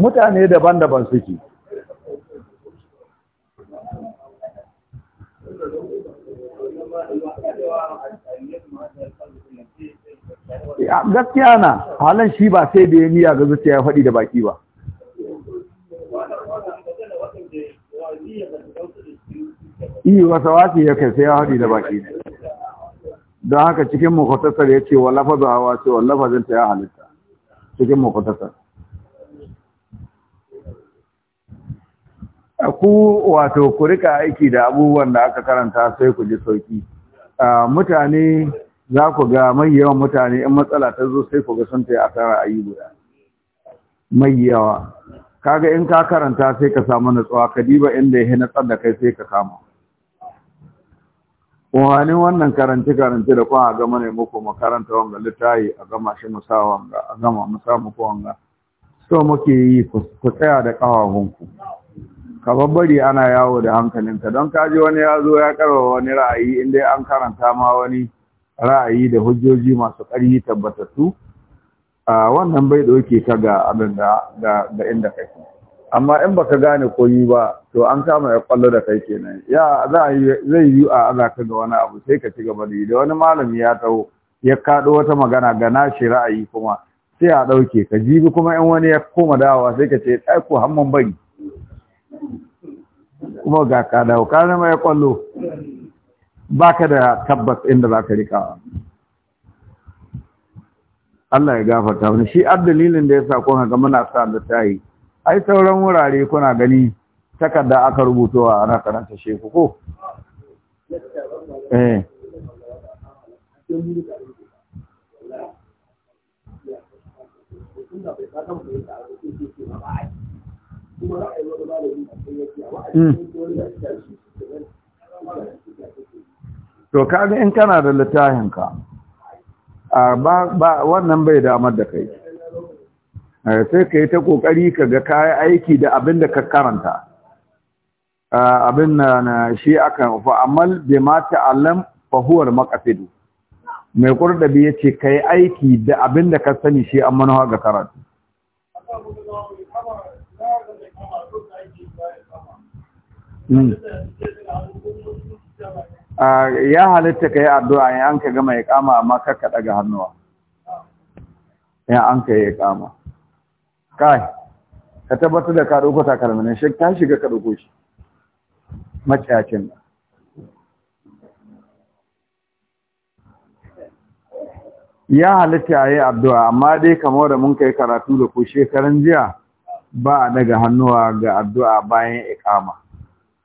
mutane daban-daban suke gaskiya na halin shi ba sai da ya niya ga zuciya ya faɗi da baki ba iya wasa wasi ya kai sai ya faɗi da baki ne don haka cikin mukwatasar ya ce wa lafaza hawa ce wa lafazin ya halitta cikin mukwatasar ku wato ku rika aiki da abubuwan da aka karanta sai ku ji sauki mutane za ku ga mai yawan mutane in matsala ta zo sai ku ga sun taya asara a yi guda mai yawa kaga in ka karanta sai ka samu natsuwa ka diba inda ya natsar da kai sai ka kama wani wannan karanci karanci da kuma a gama ne muku makaranta wanga littayi a gama shi musa wanga a gama musa muku wanga so muke yi ku tsaya da ƙafafunku ka babbari ana yawo da hankalinka don kaji wani ya zo ya karwa wani ra'ayi inda an karanta ma wani ra'ayi da hujjoji masu ƙarfi tabbatattu a wannan bai ɗauke ka ga abin da ga inda kake amma in baka gane koyi ba to an kama ya kwallo da kai kenan ya za zai yi a ana ka ga wani abu sai ka ci gaba da yi da wani malami ya taho ya kaɗo wata magana ga nashi ra'ayi kuma sai a ɗauke ka jibi kuma in wani ya koma dawowa sai ka ce ai ko hamman bari kuma ga ka dawo ka mai ya kwallo ka da tabbas inda za ka rika Allah ya gafarta wani shi dalilin da ya sa kun ga muna sa da tayi ai sauran wurare kuna gani takarda aka a ana karanta sheku ko eh Hmm. to kaga in kana da littafinka a ba ba wannan bai damar da kai sai ka yi ta kokari ka ga kayi aiki da abin da ka karanta abin na shi aka fa'amal bai mata alam fahuwar makafidu mai kurdabi yace ce aiki da abin da ka sani shi an manuwa ga karatu Mm. Ah, ya halitta ka yi addu'a in an ka gama ya kama amma kakka daga hannuwa Ya an ka ya kama kai ka tabbatar da ka ɗauko takalminin shi ta shiga ka shi maciyacin ya halitta ya yi addu'a amma dai kamar da mun kai karatu da ku shekaran jiya ba a daga hannuwa ga addu'a bayan ikama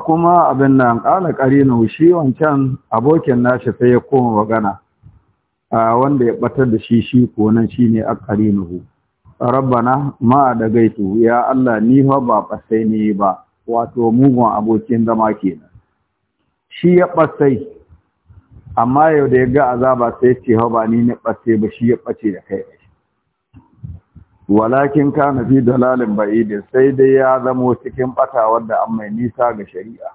kuma abin nan ƙala na shi wancan abokin nashi sai ya koma magana wanda ya batar da shi shi ko nan shi ne a hu rabbana ma da gaitu ya Allah ni fa ba ɓasai ne ba wato mugun abokin zama kenan shi ya ɓasai amma yau da ya ga azaba sai ce ba ni ne ɓasai ba shi ya ɓace da kai walakin kana fi dalalin ba'idi sai dai ya zama cikin bata wanda an mai nisa ga shari'a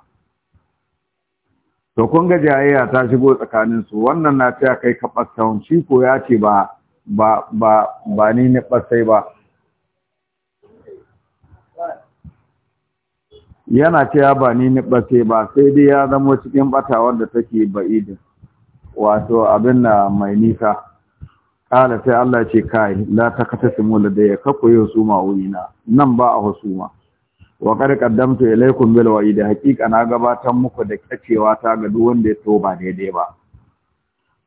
to kun ga jayayya ta shigo tsakanin su wannan na ta kai ka battawun shi ko ya ce ba ba ba ba ni ne batsai ba yana cewa ba ni ne ba sai dai ya zama cikin batawar da take ba'idin wato abin na mai nisa ƙala sai Allah ce kai la ta kata da ya kakko yau su ma wurina nan ba a husuma wa kar qaddamtu bai bil Da haqiqa na gabatar muku da kacewa ta ga duk wanda ya toba daidai ba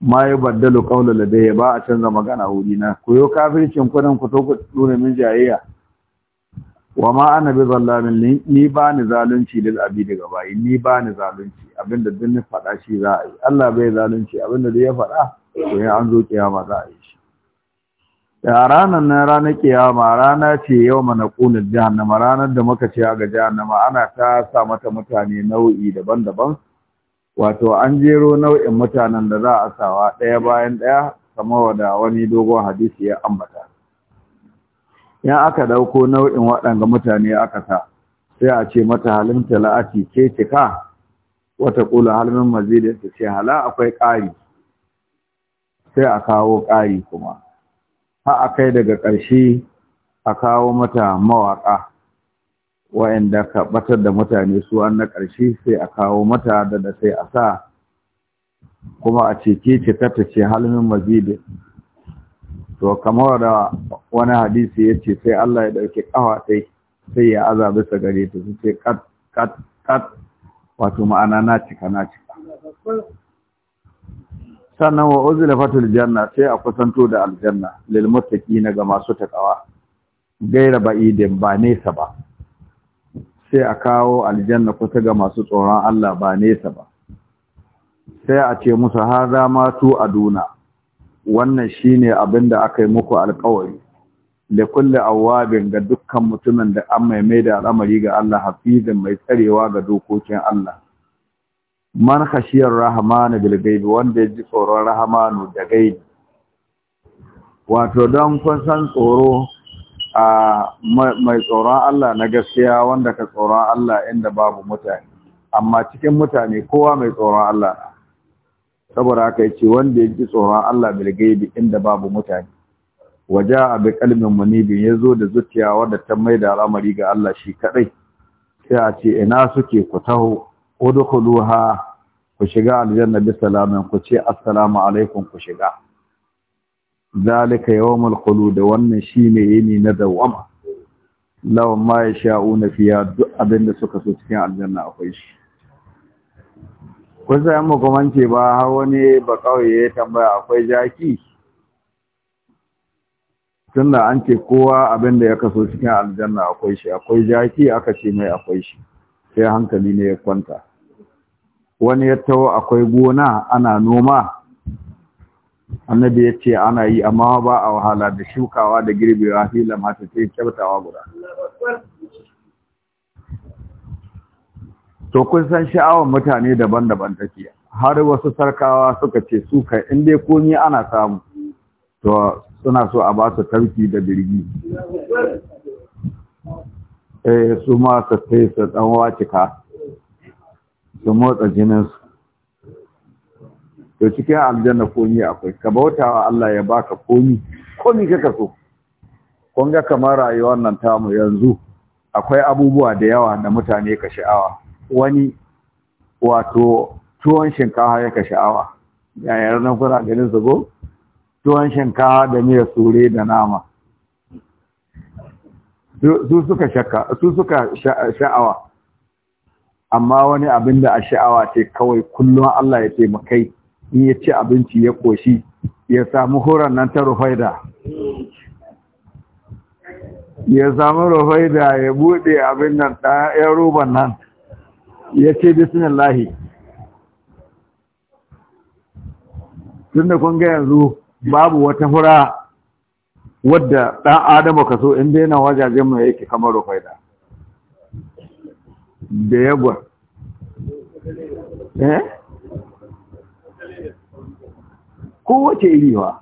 ma ya baddalu qawla ladayya ba a canza magana wurina ku yo kafircin ku ku to ku dure min jayayya wa ma ana bi zallamin ni ba ni zalunci lil abidi gaba ni ba ni zalunci abinda duk ni faɗa shi za a yi Allah bai zalunci abinda duk ya faɗa ko ya an zo kiyama za a yi ranar na ranar kiyama rana ce yau mana kunar jihannama ranar da muka ce ga jihannama ana ta sa mata mutane nau'i daban-daban wato an jero nau'in mutanen da za a sawa ɗaya bayan ɗaya kama da wani dogon hadisi ya ambata ya aka dauko nau'in waɗanga mutane aka sa sai a ce mata halin tala'ati ke cika wata ƙula halin mazidin ta ce hala akwai ƙari sai a kawo ƙari kuma har kai daga ƙarshe a kawo mata mawaƙa wa'anda ka ɓatar da mutane su an na ƙarshe sai a kawo mata da da sai a sa kuma a ceke ce ta ce halmin mazidi to kamar da wani hadisi ya ce sai Allah ya ɗauki ƙawa ɗai sai ya azabi sa gare ta su ce kat kat wato ma'ana na cika na cika sannan wa fatul janna sai a kusanto da aljanna lil muttaqina ga masu takawa gaira ba'idin ba nesa ba sai a kawo aljanna kusa ga masu tsoron Allah ba nesa ba sai a ce musu haza ma tu aduna wannan shine abinda aka yi muku alƙawari da kulli awabin ga dukkan mutumin da an maimaita al'amari ga Allah hafizin mai tsarewa ga dokokin Allah man khashiyar rahmanu bil ghaib wanda ya ji tsoron rahmanu da ghaib wato don kun san tsoro a mai tsoron Allah na gaskiya wanda ka tsoron Allah inda babu mutane amma cikin mutane kowa mai tsoron Allah saboda haka yace wanda ya ji tsoron Allah bil ghaib inda babu mutane waja bi kalmin munibin yazo da zuciya wadda ta maida al'amari ga Allah shi kadai sai a ce ina suke ku taho ha, ku shiga aljanna bi salamin ku ce assalamu alaikum ku shiga zalika yawmul da wannan shine yini na dawama law ma na fiya duk abin da suka so cikin aljanna akwai shi kun sai mu ba har wani ba kawai ya tambaya akwai jaki tunda an ce kowa abin da ya kaso cikin aljanna akwai shi akwai jaki aka ce mai akwai shi sai hankali ne ya kwanta wani ya tawo akwai gona ana noma annabi ya ce ana yi amma ba a wahala da shukawa da girbewa fila mata ce kyautawa guda to kun san sha'awar mutane daban-daban take har wasu sarkawa suka ce suka in dai komi ana samu to suna so a ba su tarki da birgi eh su ma su sai su dan wacika da motsa jininsu to cikin aljanna komi akwai ka bautawa Allah ya baka komi komi kaka so kun ga kamar rayuwar nan tamu yanzu akwai abubuwa da yawa da mutane ka sha'awa wani wato tuwon shinkawa ya ka sha'awa yayin nan kuna ganin su go tuwon shinkawa da miyar sure da nama su suka sha'awa amma wani abin da a sha'awa ce kawai kullum Allah ya taimakai in ya ci abinci ya koshi ya samu horon nan ta rufaida ya samu rufaida ya bude abin nan ɗayan roban nan ya ce bismillahi tun da kun ga yanzu babu wata fura wadda ɗan adama ka so in daina wajajen mu yake kamar rufaida da yagwa eh kowace iri ba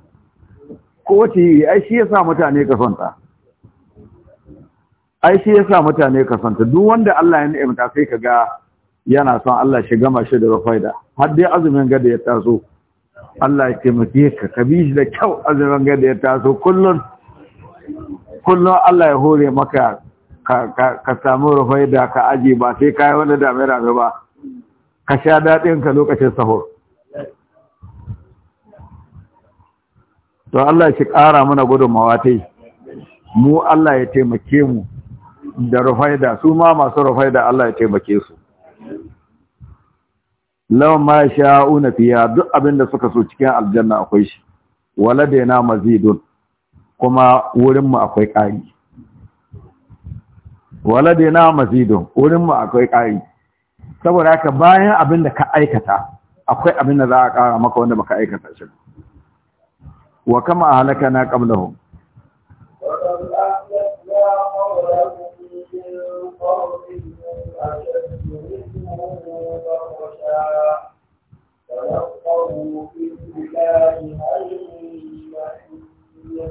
kowace iri ai shi yasa mutane ka son ta ai shi yasa mutane ka son ta duk wanda Allah ya ni'imta sai ka ga yana son Allah shi gama shi da faida har dai azumin gada ya taso Allah ya taimake ka ka bi shi da kyau azumin gada ya taso kullun kullun Allah ya hore maka ka samu rufai da ka aji ba sai kayi yi wani dame-dame ba ka sha daɗin ka lokacin sahur to Allah shi ƙara mana gudun mawatai, mu Allah ya taimake mu da rufai da su ma masu rufai da Allah ya taimake su lawan ma sha'una fiya duk abinda suka so cikin aljanna akwai shi na mazidun kuma wurinmu akwai ƙari waladina mazidun wurin mu akwai ƙari saboda haka bayan abin da ka aikata akwai abin da za a ƙara maka wanda baka aikata shi wa kama halaka na qablahum Yeah.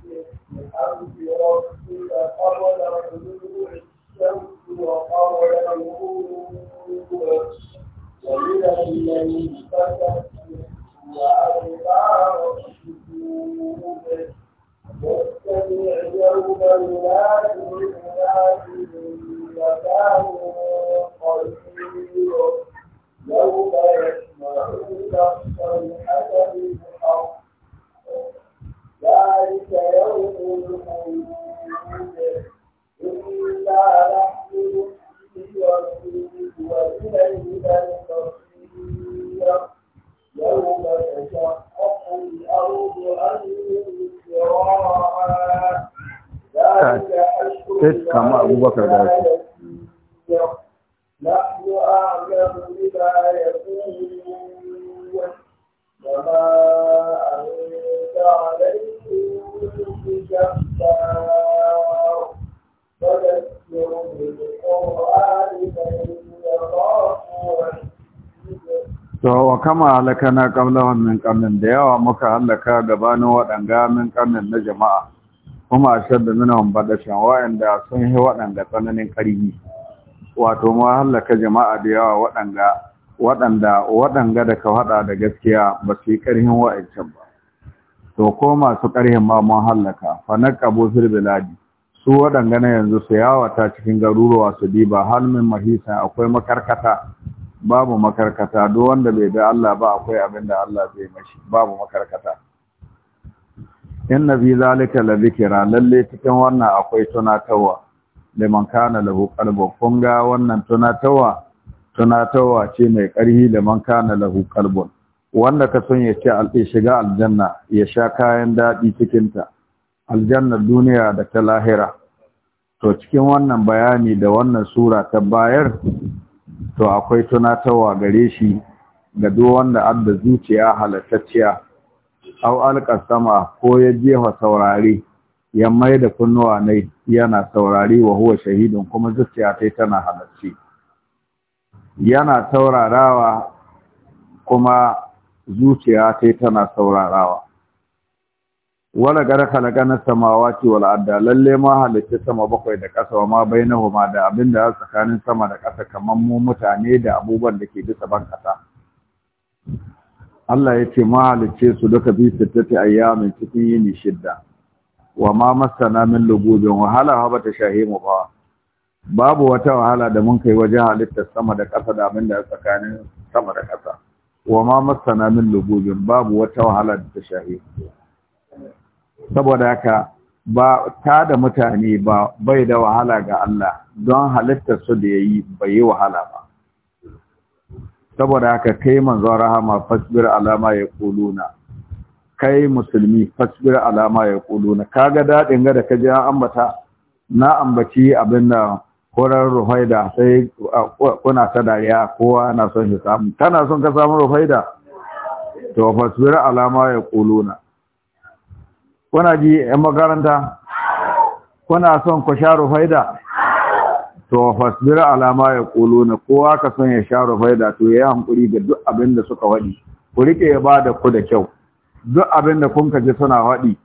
بحمد ربك قبل طلوع الشمس وقبل الغروب ومن الليل فتسبح وأدبار السجود واتبع يوم لا تدع مكان قريب يوم يسمعون الصيحة بالحق ذلك يوم الخلود إنا نحن نحيي ونميت وإلينا المصير يوم تشقق الأرض عن الصراع ذلك حشر كما أبو بكر ذلك kama halaka na ƙablawan min ƙannin da yawa muka halaka gabanin waɗanga min ƙarnin na jama'a kuma a shar da minan baɗashin wa'anda sun yi waɗanga tsananin ƙarfi wato ma halaka jama'a da yawa waɗanga waɗanda waɗanga da ka haɗa da gaskiya ba su yi ƙarfin wa'ancan ba to ko masu ƙarfin ma mun halaka fa na ƙabo biladi su waɗanga na yanzu su yawata cikin garuruwa su diba hannun mahisa akwai makarkata babu makarkata duk wanda bai bi Allah ba akwai abin da Allah zai mashi babu makarkata inna fi zalika la dhikra lalle cikin wannan akwai tunatawa liman kana lahu qalbun kun ga wannan tunatawa tunatawa ce mai karhi liman kana lahu qalbun wanda ka son ya ci alƙi shiga aljanna ya sha kayan daɗi cikinta aljannar duniya da ta lahira to cikin wannan bayani da wannan sura ta bayar to akwai tunatarwa gare shi ga duk wanda da zuciya halattacciya au alqasama ko ya jefa saurare ya mai da kunnuwa ne yana saurare wa huwa shahidun kuma zuciya ta tana halacci yana saurarawa kuma zuciya ta tana saurarawa wala gara samawa samawati wala adda lalle ma halitta sama bakwai da ƙasa wa ma huma da abinda ya tsakanin sama da ƙasa kaman mu mutane da abubuwan da ke bisa ban Allah ya ce ma halicce su duka bi sittati ayyamin cikin yini shidda wa ma masana min lugubin wahala haba ta shahi mu ba babu wata wahala da mun kai wajen halitta sama da ƙasa da abinda ya tsakanin sama da ƙasa wa ma masana min lugubin babu wata wahala da ta shahi mu saboda haka ba ta da mutane ba bai da wahala ga Allah don halittar su da yayi bai yi wahala ba saboda haka kai manzon rahama fasbir alama ya kuluna kai musulmi fasbir alama ya kuluna kaga dadin ga da ji an ambata na ambaci abin da koran rufaida sai kuna ta dariya kowa na son shi samu kana son ka samu rufaida to fasbir alama ya kuluna kuna ji yan makaranta kuna son ku sha rufaida to fasbir alama ya na kowa ka son ya sha rufaida to ya hankuri ga duk abin da suka wadi ku rike ya ba da ku da kyau duk abin da kun ji suna wadi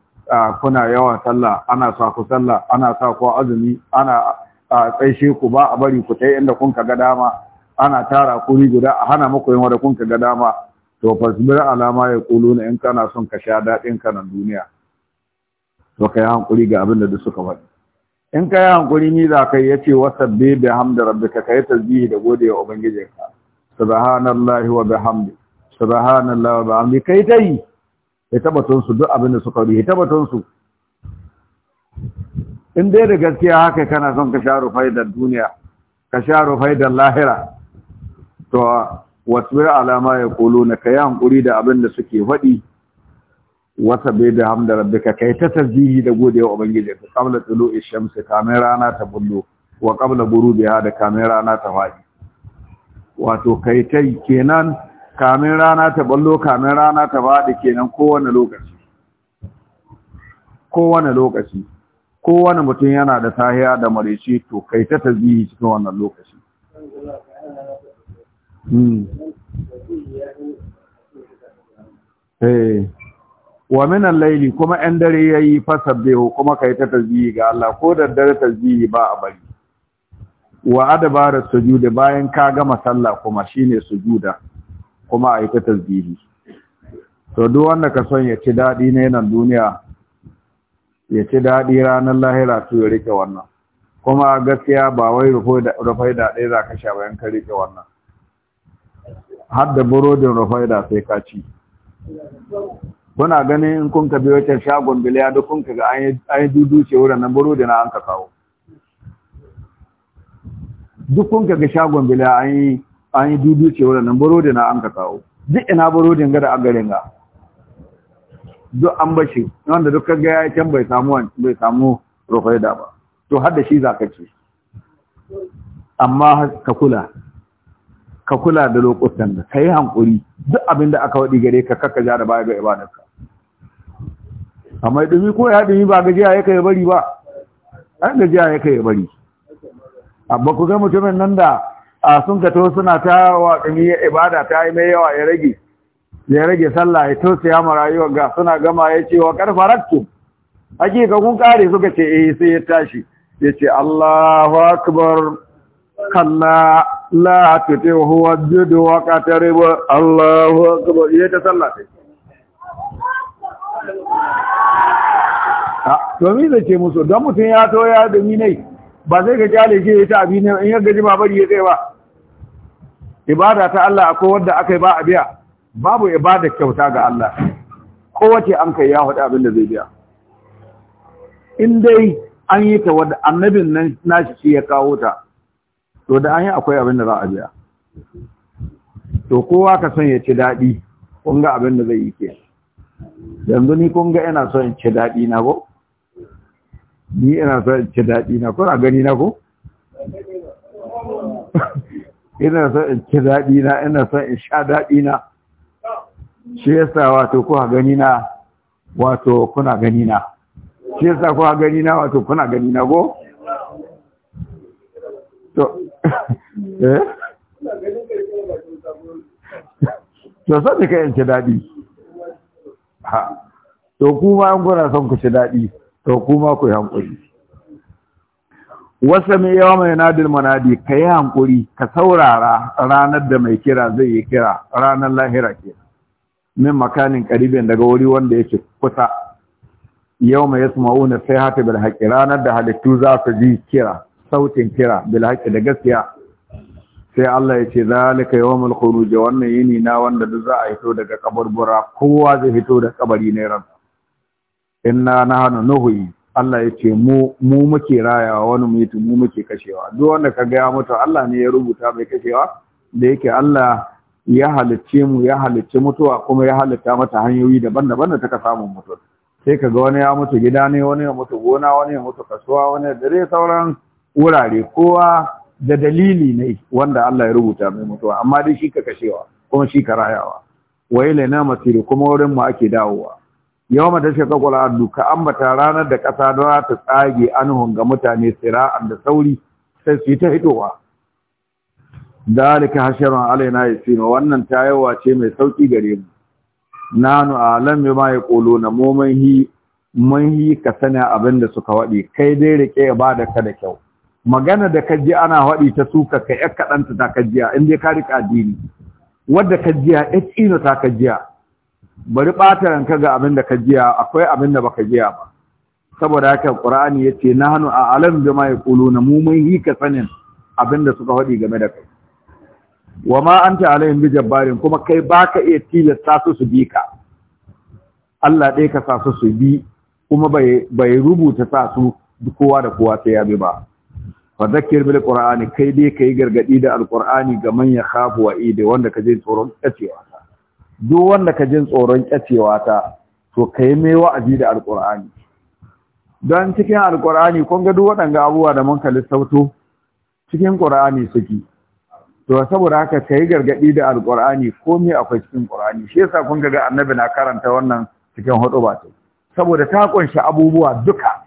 kuna yawa sallah ana sa ku sallah ana sa ku azumi ana a tsaishe ku ba a bari ku yi inda kun ga dama ana tara kuri guda a hana muku yin da kun ga dama to fasbir alama ya in kana son ka sha daɗin ka duniya to kai hankuri ga abin da duk suka faɗi in kai hankuri ni za kai yace wasabbi bi hamdi rabbika kai tasbihi da gode wa ubangijinka subhanallahi wa bihamdi subhanallahi wa bihamdi kai tai ya tabbatun su duk abin da suka faɗi ya tabbatun su in dai da gaskiya haka kana son ka sharu faidar duniya ka sharu faidar lahira to wasbir alama ya kulu na kai hankuri da abin da suke faɗi wata bai da hamda rabbika kai ta tasbihi da godewa ubangiji ka qabla tulu'i shamsi kamar rana ta bullo wa qabla ghurubiha da kamar rana ta fadi wato kai tai kenan kamar rana ta bullo kamar rana ta fadi kenan kowane lokaci kowane lokaci kowane mutum yana da tahiya da mareci to kai ta tasbihi cikin wannan lokaci hmm. eh wa min al kuma ɗan dare yayi fasabbihu kuma kai ta tasbihi ga Allah ko da dare tasbihi ba a bari wa adbara sujudi bayan ka gama sallah kuma shine sujuda kuma ai ta tasbihi to duk wanda ka son ya ci dadi na nan duniya ya ci dadi ranar lahira to ya rike wannan kuma gaskiya ba wai rufai da ɗaya za ka sha bayan ka rike wannan har da burodin rufai da sai ka ci kuna ganin in kun ka bi wata shagon biliya duk kun ka ga an yi ce wurin nan burodi na an ka kawo duk kun ka ga shagon biliya an yi an yi wurin nan burodi na an ka kawo duk ina burodi ga da agarin ga duk an bashi wanda duk kaga ya can bai samu bai samu rufaida ba to har da shi za ka ci amma ka kula ka kula da lokutan da ka yi hankuri duk abin da aka waɗi gare ka kakka ja da baya ga ibadarka mai ɗumi ko ya dumi ba gajiya ya bari ba an gajiya ya bari amma ku ga mutumin nan da a sun ka to suna ta wa dumi ibada ta yi mai yawa ya rage ya rage sallah ya tausaya ma rayuwar ga suna gama ya ce wa rakku hakika kun kare suka ce eh sai ya tashi ya ce Allahu akbar kalla la tutihu wajdu wa qatarib Allahu akbar ya ta sallah domin zai ce musu don mutum ya to ya domi nai ba zai ga kyale ke ta abi ne in yadda jima bari ya tsaye ba ibada ta Allah akwai da aka yi ba a biya babu ibada kyauta ga Allah kowace an kai ya hudu abin da zai biya in dai an yi ta wadda annabin nan nashi shi ya kawo ta to da an yi akwai abin da za a biya to kowa ka son ya ci daɗi kun ga abin da zai yi ke yanzu ni kun ga ina son in ci daɗi na ko ni ina son in ci daɗi na a gani na ko [LAUGHS] ina so in ci daɗi na ina so in sha daɗi na shi yasa wato kuka gani na wato kuna gani na shi yasa kuka gani na wato kuna gani na go to [LAUGHS] eh to sai kai in ci daɗi ha to kuma an kuna son ku ci daɗi to kuma ku yi hankuri wasa mai yawa mai nadil manadi ka yi hankuri ka saurara ranar da mai kira zai yi kira ranar lahira ke min makanin karibin daga wuri wanda yake kusa yau mai yasu ma'una sai hata bil ranar da halittu za su ji kira sautin kira bil da gaskiya sai Allah ya ce zalika yawmul khuruj wannan yini na wanda duk za a hito daga kaburbura kowa zai hito da kabari ne ran inna nahnu nuhi Allah ya ce mu mu muke rayawa wani mu muke kashewa duk wanda ka ga ya mutu Allah ne ya rubuta mai kashewa da yake Allah ya halicce mu ya halicce mutuwa kuma ya halitta mata hanyoyi daban-daban da taka samun mutu sai ka ga wani ya mutu gida ne wani ya mutu gona wani ya mutu kasuwa wani dare sauran wurare kowa da dalili ne wanda Allah ya rubuta mai mutuwa amma dai shi ka kashewa kuma shi ka rayawa ne na masiru kuma wurin mu ake dawowa yawma tashaqqa al-ardu ka ambata ranar da kasa da ta tsage anhun ga mutane sira'an da sauri sai su ta hitowa dalika hasharun alaina yasin wannan tayawa ce mai sauki gare mu nanu alam bima yaquluna mu'min hi mun hi ka sana abin da suka waɗi kai dai rike ba da ka da kyau magana da kaji ana haɗi ta suka ka ƴar kaɗanta ta kajiya in ya ka ƙadini addini wadda kajiya ya tsina ta kajiya bari ɓata ranka ga abin da kajiya akwai abin da baka jiya ba saboda haka ƙur'ani ya ce na hannu a alam da ma ya na mu mun yi ka sanin abin da suka haɗi game da kai wa ma an ta alayin bi jabbarin kuma kai baka iya tilasta su su bi ka Allah ɗaya ka sa su su bi kuma bai rubuta sa su kowa da kowa sai ya bi ba fadakir bil qur'ani kai dai kai gargadi da alqur'ani ga man ya khafu wa ide wanda kaje tsoron kacewa ta duk wanda kaje tsoron kacewa ta to kai mai wa'azi da alqur'ani dan cikin alqur'ani kun ga duk waɗanga abubuwa da mun kalli sautu cikin qur'ani suke to saboda haka kai gargadi da alqur'ani me akwai cikin qur'ani shi yasa kun ga annabi na karanta wannan cikin hudu ba saboda ta kunshi abubuwa duka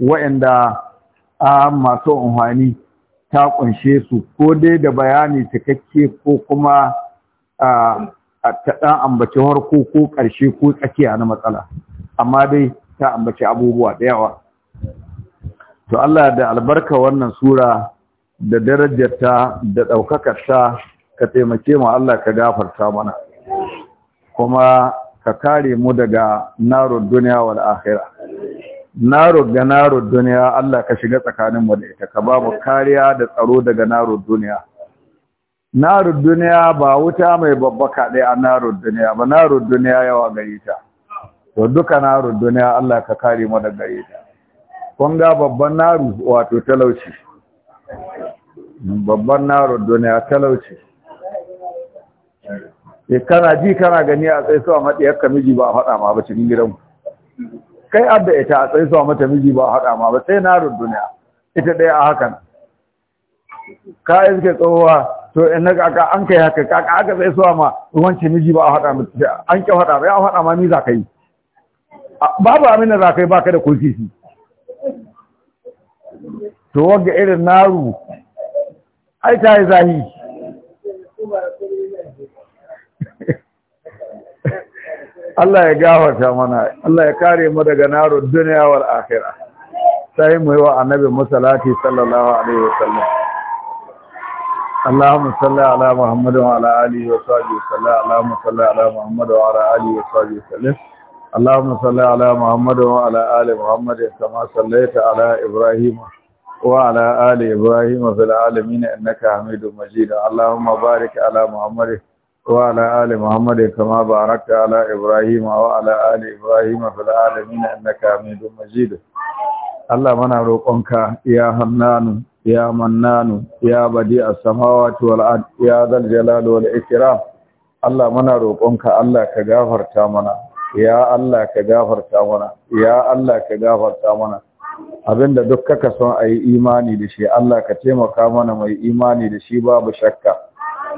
wa'anda a masu amfani ta kunshe su ko dai da bayani cikakke ko kuma ta dan ambaci harko ko karshe ko tsakiya na matsala amma dai ta ambaci abubuwa da yawa to Allah da albarka wannan sura da darajarta da ta ka taimake mu Allah ka gafarta mana kuma ka kare mu daga narin duniya wal akhirah naro ga naro duniya Allah ka shiga tsakaninmu da ita ka ba mu kariya da tsaro daga naro duniya naro duniya ba wuta mai ka dai a naro duniya ba naro duniya yawa gare ta to duka naro duniya Allah ka kare mu daga gare ta kun ga babban naro wato talauci babban naro duniya talauci e kana ji kana gani a tsaye so a maɗiyar miji ba a faɗa ma ba cikin gidanmu kai abda ita a tsaye zuwa mata miji ba haɗa ma ba sai na duniya ita ɗaya a hakan ka iske tsohuwa to in na aka an kai haka ka aka tsaye zuwa ma wancan miji ba a haɗa ma an kyau haɗa ba ya haɗa ma ni za ka yi babu amina za ka yi ba ka da kulkisi to wagga irin naru ai ta yi zahi Allah ya gafata mana Allah ya kare mu daga narun duniya wal sai mu yi wa annabi musallati sallallahu alaihi wasallam Allahumma salli ala Muhammad wa ala alihi wa sahbihi sallallahu Allahumma Muhammad wa ala alihi wa sahbihi وعلى آل محمد كما باركت على إبراهيم وعلى آل إبراهيم في العالمين إنك حميد مجيد الله منا روقنك يا حنان يا منان يا بديع السماوات والأرض يا ذا الجلال والإكرام الله منا روقنك الله كغفرتا منا يا الله كغفرتا منا يا الله كغفرتا منا abinda duk kaka son ayi imani da shi Allah ka taimaka mana mai imani da shi babu shakka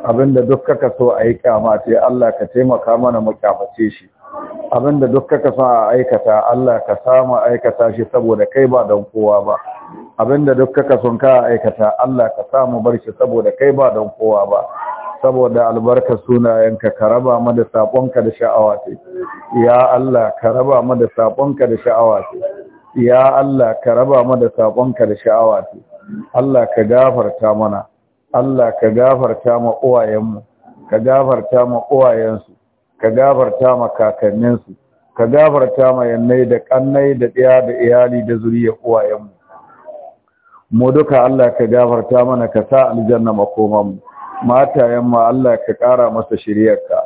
abinda duk kaka so a yi kyamace Allah ka taimaka mana mu kyamace shi abinda duk kaka so a aikata Allah ka samu aikata shi saboda kai ba don kowa ba abinda duk kaka son ka aikata Allah ka samu bar shi saboda kai ba don kowa ba saboda albarka sunayenka ka raba mu da sakonka da sha'awa ce ya Allah ka raba mu da sakonka da sha'awa ce ya Allah ka raba mu da sakonka da sha'awa ce Allah ka gafarta mana Allah ka gafarta ma uwayenmu ka gafarta ma uwayensu ka gafarta ma kakanninsu ka gafarta ma yannai da kannai da ɗaya da iyali da zuriyar uwayenmu mu duka Allah ka gafarta mana ka sa aljanna makoman mu matayen ma Allah ka ƙara masa shiriyarka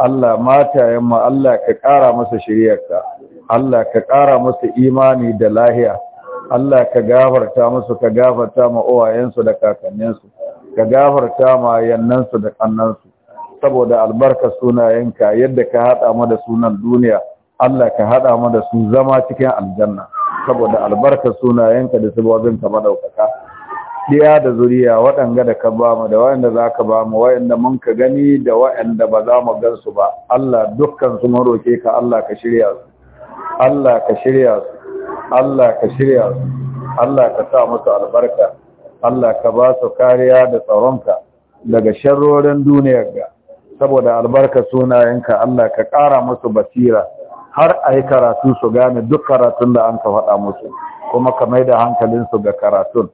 Allah matayen ma Allah ka ƙara masa shiryarka Allah ka kara masa imani da lahiya Allah ka gafarta musu ka gafarta ma uwayensu da kakanninsu ka gafarta ma yannansu da kannansu saboda albarka sunayenka yadda ka haɗa mu da sunan duniya Allah ka haɗa mu da su zama cikin aljanna saboda albarka sunayenka da ka madaukaka diya da zuriya waɗanga da ka ba mu da waɗanda za ka ba mu waɗanda mun ka gani da waɗanda ba za mu gansu ba Allah dukkan su mun roke ka Allah ka shirya su Allah ka shirya su Allah ka shirya su Allah ka sa musu albarka Allah ka ba su kariya da tsaronka daga sharrorin duniyar ga saboda albarka sunayenka Allah ka ƙara musu basira har a yi karatu su gane duk karatun da an ka faɗa musu kuma ka mai da hankalinsu ga karatun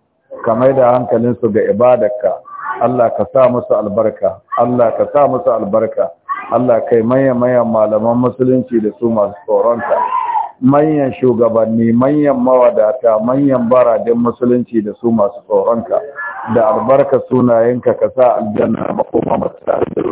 ka mai da hankalinsu ga ibadarka Allah ka sa musu albarka Allah ka sa musu albarka Allah kai manya-manyan malaman musulunci da su masu tsoronta manyan shugabanni manyan mawadata manyan baradin musulunci da su masu tsoronka da albarka sunayenka ka sa aljanna makoma masu tare da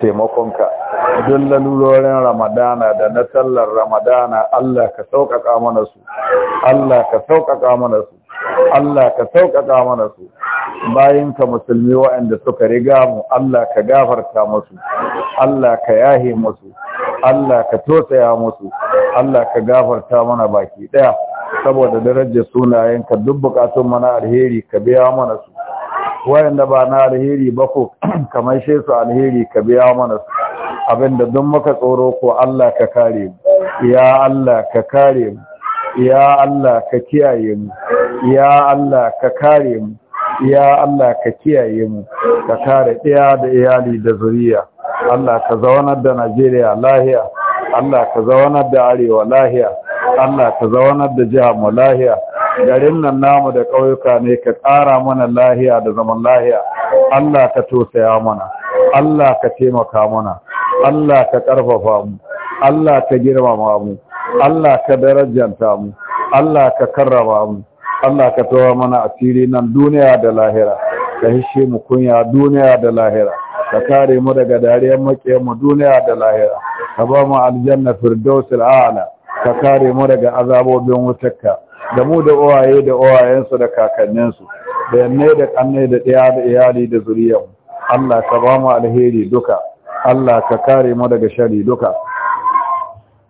taimakonka don lalurorin ramadana da na sallar ramadana Allah ka sauƙaƙa mana su Allah ka sauƙaƙa mana su Allah ka sauƙaƙa mana su bayan ka musulmi waɗanda suka riga mu Allah ka gafarta musu Allah ka yahe musu Allah ka tosaya musu Allah ka gafarta mana baki ɗaya saboda darajar sunayenka duk bukatun mana alheri ka biya mana su wayanda ba na alheri ba ko [CLEARS THROAT] kamar shi su alheri ka biya mana su. abinda duk muka tsoro ko Allah ka kare mu ya Allah ka kare mu ya Allah ka kiyaye mu ya Allah ka kare mu ya Allah ka kiyaye mu ka kare ɗaya da iyali da zuriya Allah ka zaunar da Najeriya lahiya Allah ka zaunar da Arewa lahiya Allah ka zaunar da jiha mu lahiya garin nan namu da ƙauyuka ne ka ƙara mana lahiya da zaman lahiya Allah ka tosaya mana Allah ka taimaka mana Allah ka ƙarfafa mu Allah ka girmama mu Allah ka darajanta mu Allah ka karrama mu Allah ka tawa mana asiri nan duniya da lahira ka hishe mu kunya duniya da lahira ka kare mu daga dariyar makiyan mu duniya da lahira ka ba mu aljanna firdausul a'la ka kare mu daga azabobin wutarka da mu da uwaye da uwayensu da kakanninsu da yanne da kanne da ɗaya da iyali da zuriya Allah ka ba mu alheri duka Allah ka kare mu daga shari duka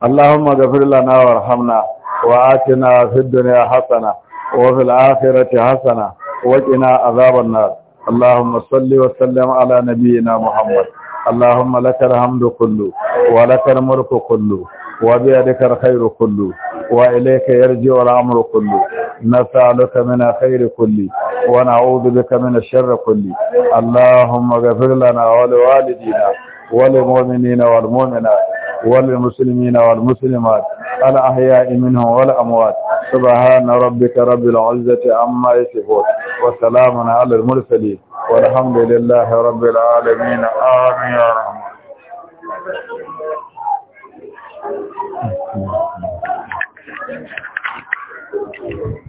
Allahumma ghafir lana warhamna wa atina fid dunya hasana wa fil akhirati hasana wa qina azaban nar اللهم صل وسلم على Muhammad. Allahumma اللهم Hamdu الحمد wa ولك الملك كله وبيدك الخير كله وإليك يرجع الأمر كله نسألك من الخير كله ونعوذ بك من الشر كله اللهم اغفر لنا ولوالدينا وللمؤمنين والمؤمنات وللمسلمين والمسلمات الأحياء منهم والأموات سبحان ربك رب العزة عما يصفون وسلام على المرسلين والحمد لله رب العالمين آمين يا رحمن Thank mm-hmm. you.